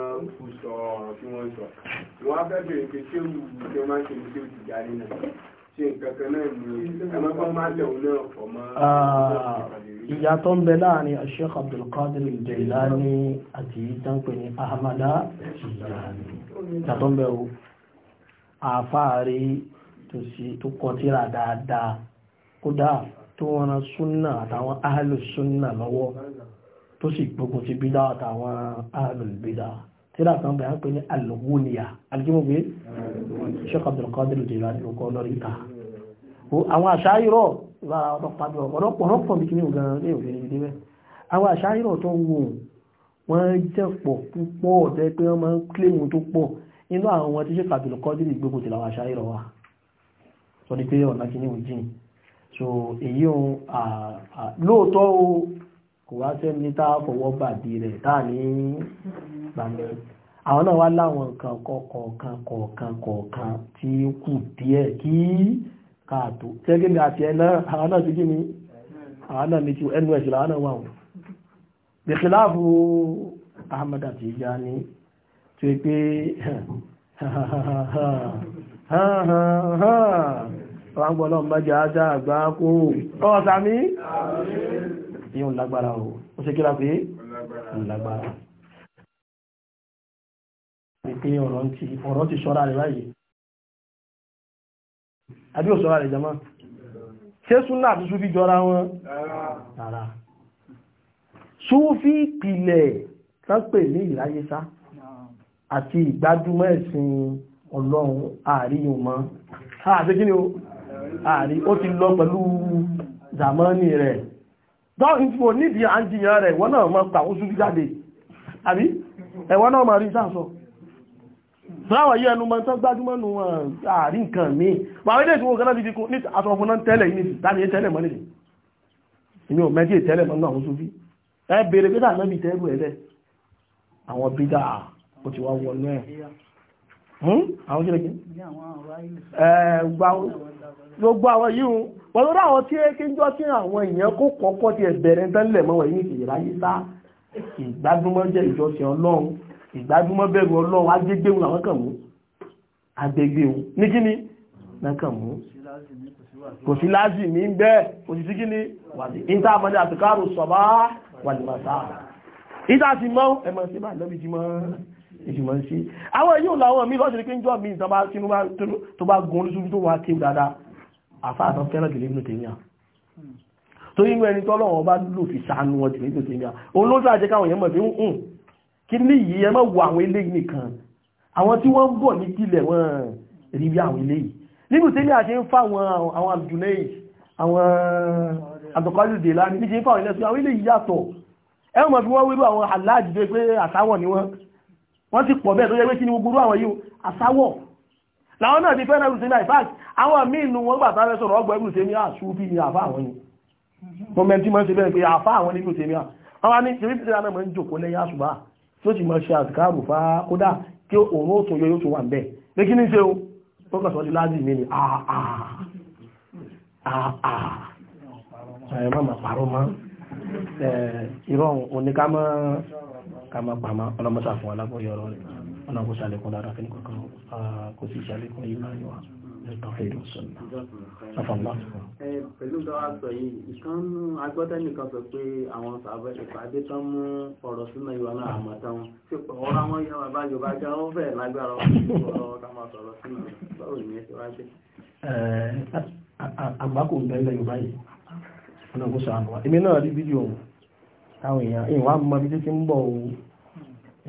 ti jáde náà ṣe nǹkan kan náà ni ẹ̀mọ́ kan máa lẹ̀wọ̀n náà pọ̀ mọ́. Ah, ìyàtọ̀ ń bẹ láàrin Sheikh Abdul Qadir Jailani àti ìtànpẹ̀ ní Ahmada Tijani ìyàtọ̀ ń bẹ o àfáàrí tó kọtíra dáadáa kódà tó wọn na súnà àtàwọn ahlus súnà lọ́wọ́ tó sì gbógun ti bídá àtàwọn ahlul bídá tíra kan bẹ̀rẹ̀ pé ní alùwúniyà alùwúniyà Sheikh Abdul Qadir Jilani ló kọ́ lórí ìta àwọn àṣáyírọ̀ lára ọ̀pọ̀lọpọ̀ ọ̀pọ̀lọpọ̀ bí kí ní ọ̀gán ní òfin ìdí bẹ́ẹ̀ àwọn àṣáyírọ̀ tó ń wò wọ́n jẹ́ pọ̀ púpọ̀ pé wọ́n máa ń kílèmù tó pọ̀ inú àwọn tí Sheikh Abdul Qadir ìgbókò tí làwọn àṣáyírọ̀ wa sọ ni pé ọ̀nà kí ní òjìn so èyí lóòótọ́ kò wá sẹ́ni tá a fọwọ́ bàdí rẹ̀ tá a ní gbàmẹ́ àwọn náà wá láwọn nǹkan kọ̀ọ̀kan kọ̀ọ̀kan kọ̀ọ̀kan tí kù díẹ̀ kí káàtó tẹ́gẹ́ mi àti ẹ̀nà àwọn náà ti kí ni àwọn náà ní ti ẹnu ẹ̀sìn àwọn náà wà wọ́n bìkìláàfù Ahmad àti ìjà ni tí ó pé wọ́n gbọ́ lọ́mọdé ajá àgbà kó ọ̀sàmí èyàn lágbára o ó ṣe kíra pé lágbára pé ọ̀rọ̀ ti ṣọ́ra rẹ̀ báyìí àbí ò ṣọ́ra rẹ̀ jama ṣé súnà àti súfí jọra wọn rárá súfí ìpìlẹ̀ sápè ní ìráyésá àti ìgbádùmọ̀ ẹ̀sìn ọlọ́run àríyùn mọ́ àti kí ni ó àrí ó ti lọ pẹ̀lú zamani rẹ̀ dọ́rin tí mo nídi à ń jiyàn rẹ̀ ìwọ náà ma gbà oṣù jáde àbí ẹ̀wọ́n náà ma rí sáàsọ láwọn yí ẹnu ma tán gbájúmọ́ nù àrí nǹkan mi wà wílé tí wọ́n gánà bíbí kún ní aṣọ fún náà tẹ́lẹ̀ ní ìtàní tẹ́lẹ̀ mọ́ nìdí ìní ò mẹ́jì tẹ́lẹ̀ mọ́ náà oṣù bí ẹ bèèrè pé dáa àwọn bídà pẹ̀lú àwọn tí é kí ń jọ tí àwọn èèyàn kó kọ́kọ́ ti ẹ̀bẹ̀rẹ̀ tẹ́lẹ̀ mọ́ wọ̀nyí ti ráyé sá ìgbádùnmọ́ jẹ́ ìjọsìn ọlọ́run ìgbádùnmọ́ bẹ̀rù ọlọ́run agbègbè wọn làwọn kàn mú agbègbè wọn ní kíni lẹ́kàn mú kò sí láti ní ń bẹ́ kò sí sí kíni wàlẹ̀ ìta àmọ́lẹ̀ àtìkárò sọ̀bá wàlẹ̀ màtà ìta ti mọ́ ẹmọ sí bá lọ́bí ti mọ́ ìjùmọ̀ sí àwọn èyí ò làwọn mi lọ́sẹ̀rẹ̀ kí ń jọ mi ìtàn bá sínú bá gun orísun tó wà kéwù dáadáa àfáàtọ̀ fẹ́ràn jù nínú tèmi à torí inú ẹni tọ́lọ́wọ́ bá lò fi sànú wọn jù nínú tèmi à olóòtú àti káwọn èèyàn mọ̀ pé ń kí ní yìí ẹ má wo àwọn eléyìí nìkan àwọn tí wọ́n ń bọ̀ ní kílẹ̀ wọ́n rí bí àwọn eléyìí nínú tèmi àti ń fa àwọn àbùdùnẹ́yì àwọn àbùkọ́lù dè lánìí níṣẹ́ ń fa àwọn ilẹ̀ sí àwọn eléyìí yàtọ̀ ẹ mọ̀ fi ni wọ́n wọ́n ti pọ̀ bẹ́ẹ̀ tó ni gbogbo àwọn yìí àsáwọ̀ láwọn náà ti fẹ́ náà rùsí láì fáàkì àwọn míìnú wọn gbà sáré sọ̀rọ̀ ọgbọ̀ ẹgbùn tèmi àṣú bí i àfá àwọn ni mọ́mẹ́ntí mọ́ sí bẹ́ẹ̀ pé àfá àwọn ní gbùn tèmi à àwọn ní ṣe wípé náà mọ́ ń jòkó lẹ́yìn àṣùbá tí ó sì mọ́ ṣe kò sì ṣàlékún ìmọ̀ ìwà nípa ìlú sọ̀nà afọ̀mọ́. pẹ̀lú bá wa sọ yìí ìkan agbọ́dá nìkan sọ pé àwọn ìpàdé tán mú ọ̀rọ̀ sínú ìwà náà àmọ́ tán ṣe pọ̀ ọ̀rọ̀ àwọn yẹn wà bá yorùbá já ó fẹ́ lágbára ọ̀rọ̀ ká máa sọ̀rọ̀ sínú báwo ni ẹ ṣe wá ṣe. àgbákò ń bẹ́ẹ̀ lẹ́yìn báyìí ọ̀nà kò sọ àmọ́ èmi náà rí fídíò táwọn èèyàn ìwà mọ ibi tí ń bọ̀ o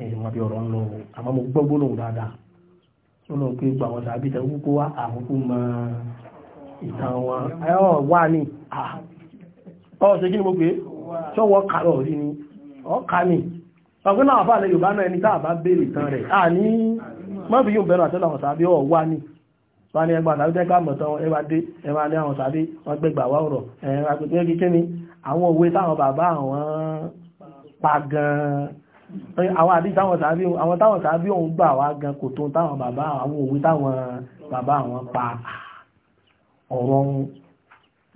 èèyàn mọ ibi ọ̀rọ̀ ń lọ àmọ́ wọn mọ̀ pé gbà wọn tàbí tẹ kúkú wá àkókò mọ ìtàn wọn ẹ̀họ́ wà ní ọ̀ ṣe kí ni mo pè é ṣọ́wọ́ kàrọ̀ rí ni ọ̀ka ni ọ̀gbọ́n náà fà lẹ́yìn bá náà ẹni tá àbá béèrè tán rẹ̀ a ní mọ́ fi yóò bẹ̀rẹ̀ àtẹ́lẹ̀ àwọn tàbí ọ̀ wà ní wà ní ẹgbà tàbí tẹ́gbà mọ̀tán ẹwà dé ẹwà ní àwọn tàbí wọ́n gbẹ̀gbà wá ọ̀rọ̀ ẹ̀rọ àgbẹ̀gbẹ̀ kíkẹ́ ni àwọn òwe táwọn bàbá àwọn pa gan àwọn àdí táwọn sàábí àwọn táwọn sàábí òun gbà wá gan kò tó táwọn bàbá àwọn òwe táwọn bàbá àwọn pa ọ̀rọ̀ wọn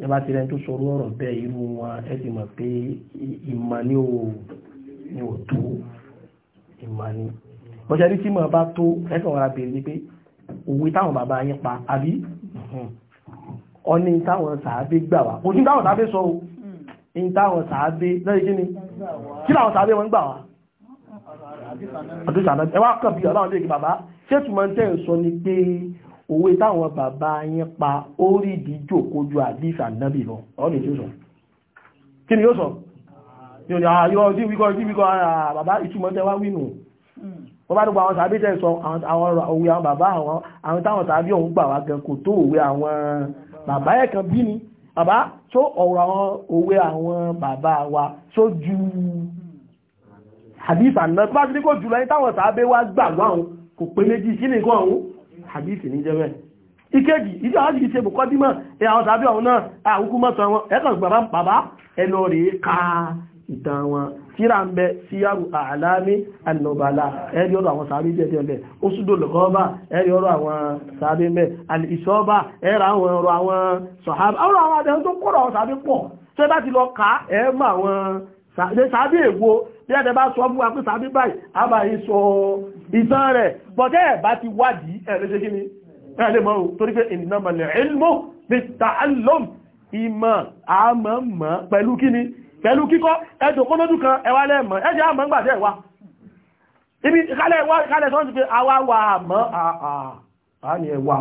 ẹ bá ti rẹ tó sọ̀rọ̀ ọ̀rọ̀ bẹ́ẹ̀ irú wọn ẹ ti mọ̀ pé ìmọ̀ ni ò ní ò tó ìmọ̀ pa àbí ọní táwọn sàábé gbà wá kò sí táwọn sàábé sọ o hmm. ní táwọn sàábé lọ́yẹ́ kí ni kí làwọn sàábé wọn gbà wá àdúsà náà ẹwà kàn bí ọlọ́run léèkì bàbá ṣé túmọ̀ tẹ́ ń sọ ni pé òwe táwọn bàbá yín pa ó rí ìdíjò kojú àdísà nábì lọ ọ̀rọ̀ tí ó sọ kí ni yóò sọ yóò ní àyọ ah, sí wíkọ sí wíkọ ah, bàbá ìtumọ̀ tẹ́ wá wínú wọ́n bá dúpọ̀ àwọn tàbí tẹ́ sọ àwọn òwe àwọn bàbá àwọn àwọn táwọn tàbí òun gbà wá gan kò tó òwe àwọn bàbá ẹ̀ kan bí ni bàbá tó ọ̀rọ̀ àwọn òwe àwọn bàbá wa tó ju hadith àná bá ti ní kò jùlọ ìtàwọn sàábé wá gbàgbọ́ àwọn kò pé méjì kí ní nǹkan àwọn hadith ní jẹ́ bẹ́ẹ̀ ìkejì ìjọ àwọn jìí ṣe bùkọ́ dímọ̀ ẹ àwọn sàábé àwọn náà àwùkú mọ́sàn wọn ẹ̀kàn bàbá bàbá ẹnu rẹ̀ ká ìtàn wọn síra ń bẹ síyàrù àlámí ànàbàlà ẹ̀rí ọ̀rọ̀ àwọn sàábé jẹ́ jẹ́ bẹ́ẹ̀ ó súdò lọ́kọ́ọ́bà ẹ̀rí ọ̀rọ̀ àwọn sàábé mẹ́ àlìsọ́ọ́bà ẹ̀rọ àwọn ọ̀rọ̀ àwọn sọ̀hábà àwọn àwọn àdéhùn tó kọ́rọ̀ àwọn sàábé pọ̀ tó bá ti lọ ká ẹ̀ mọ àwọn sàábé èwo bí ẹ̀dẹ̀ bá sọ fún wa pé sàbí báyìí a bá yí sọ ìtàn rẹ̀ bọ̀tẹ́ ẹ̀ bá ti wádìí ẹ̀rẹ́ ṣe kí ni ẹ̀lẹ́ mọ́ o torí pé innamal ilmu bit-ta'allum ìmọ̀ àmọ́ mọ́ pẹ̀lú kí ni pẹ̀lú kíkọ́ ẹ̀dùn kọ́lọ́dún kan ẹwà lẹ́mọ̀ ẹjẹ́ àmọ́ gbàjẹ́ ẹ̀wà ibi kálẹ̀ sọ́n ti pé àwa wà àmọ́ àní ẹ̀wà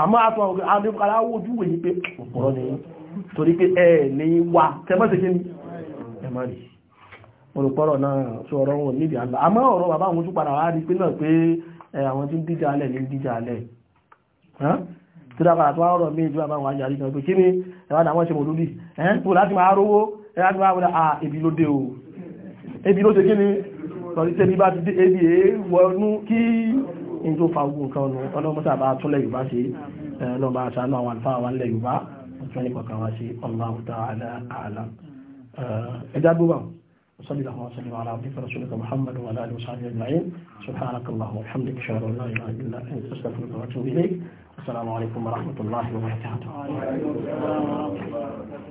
àmọ́ àtọ́ àdébùkálá ojú wèyí pé ọ̀pọ̀rọ̀ ni torí pé ẹ̀ ní wà tẹ́mọ́sẹ̀kí ni ẹ̀mọ́ rí olùpọ̀rọ̀ náà sọ̀rọ̀ wọn nídìí àlọ́ àmọ́ ọ̀rọ̀ bàbá àwọn ojú wá rí pé náà pé àwọn tí ń díjà alẹ̀ ní díjà alẹ̀ tí dábàá àti wọ́n rọ̀ mí ìjú àbáwọn ajarí kan pé kí ni ẹ̀wọ́n àwọn ṣe mòlúdì ẹ̀ tó láti máa rówó ẹ̀ láti máa wọlé à ebi ló dé o ebi ló dé kí ni sọ̀rí tẹ́bí bá ti dé ebi èé wọnú kí n tó fa ogun kan nù ọlọ́mọ́sà bá tún lẹ̀ yorùbá ṣe ọlọ́mọ àṣánú àwọn àlùfáà wa lẹ̀ yorùbá ọ̀tún ẹnì kọ̀ọ̀kan wa ṣe ọlọ́mọ àwùjọ àlẹ́ àlà ẹ̀dá gbogbo وصلى الله وسلم على عبدك رسولك محمد وعلى اله وصحبه اجمعين سبحانك اللهم وبحمدك اشهد ان لا اله الا انت استغفرك واتوب اليك السلام عليكم ورحمه الله وبركاته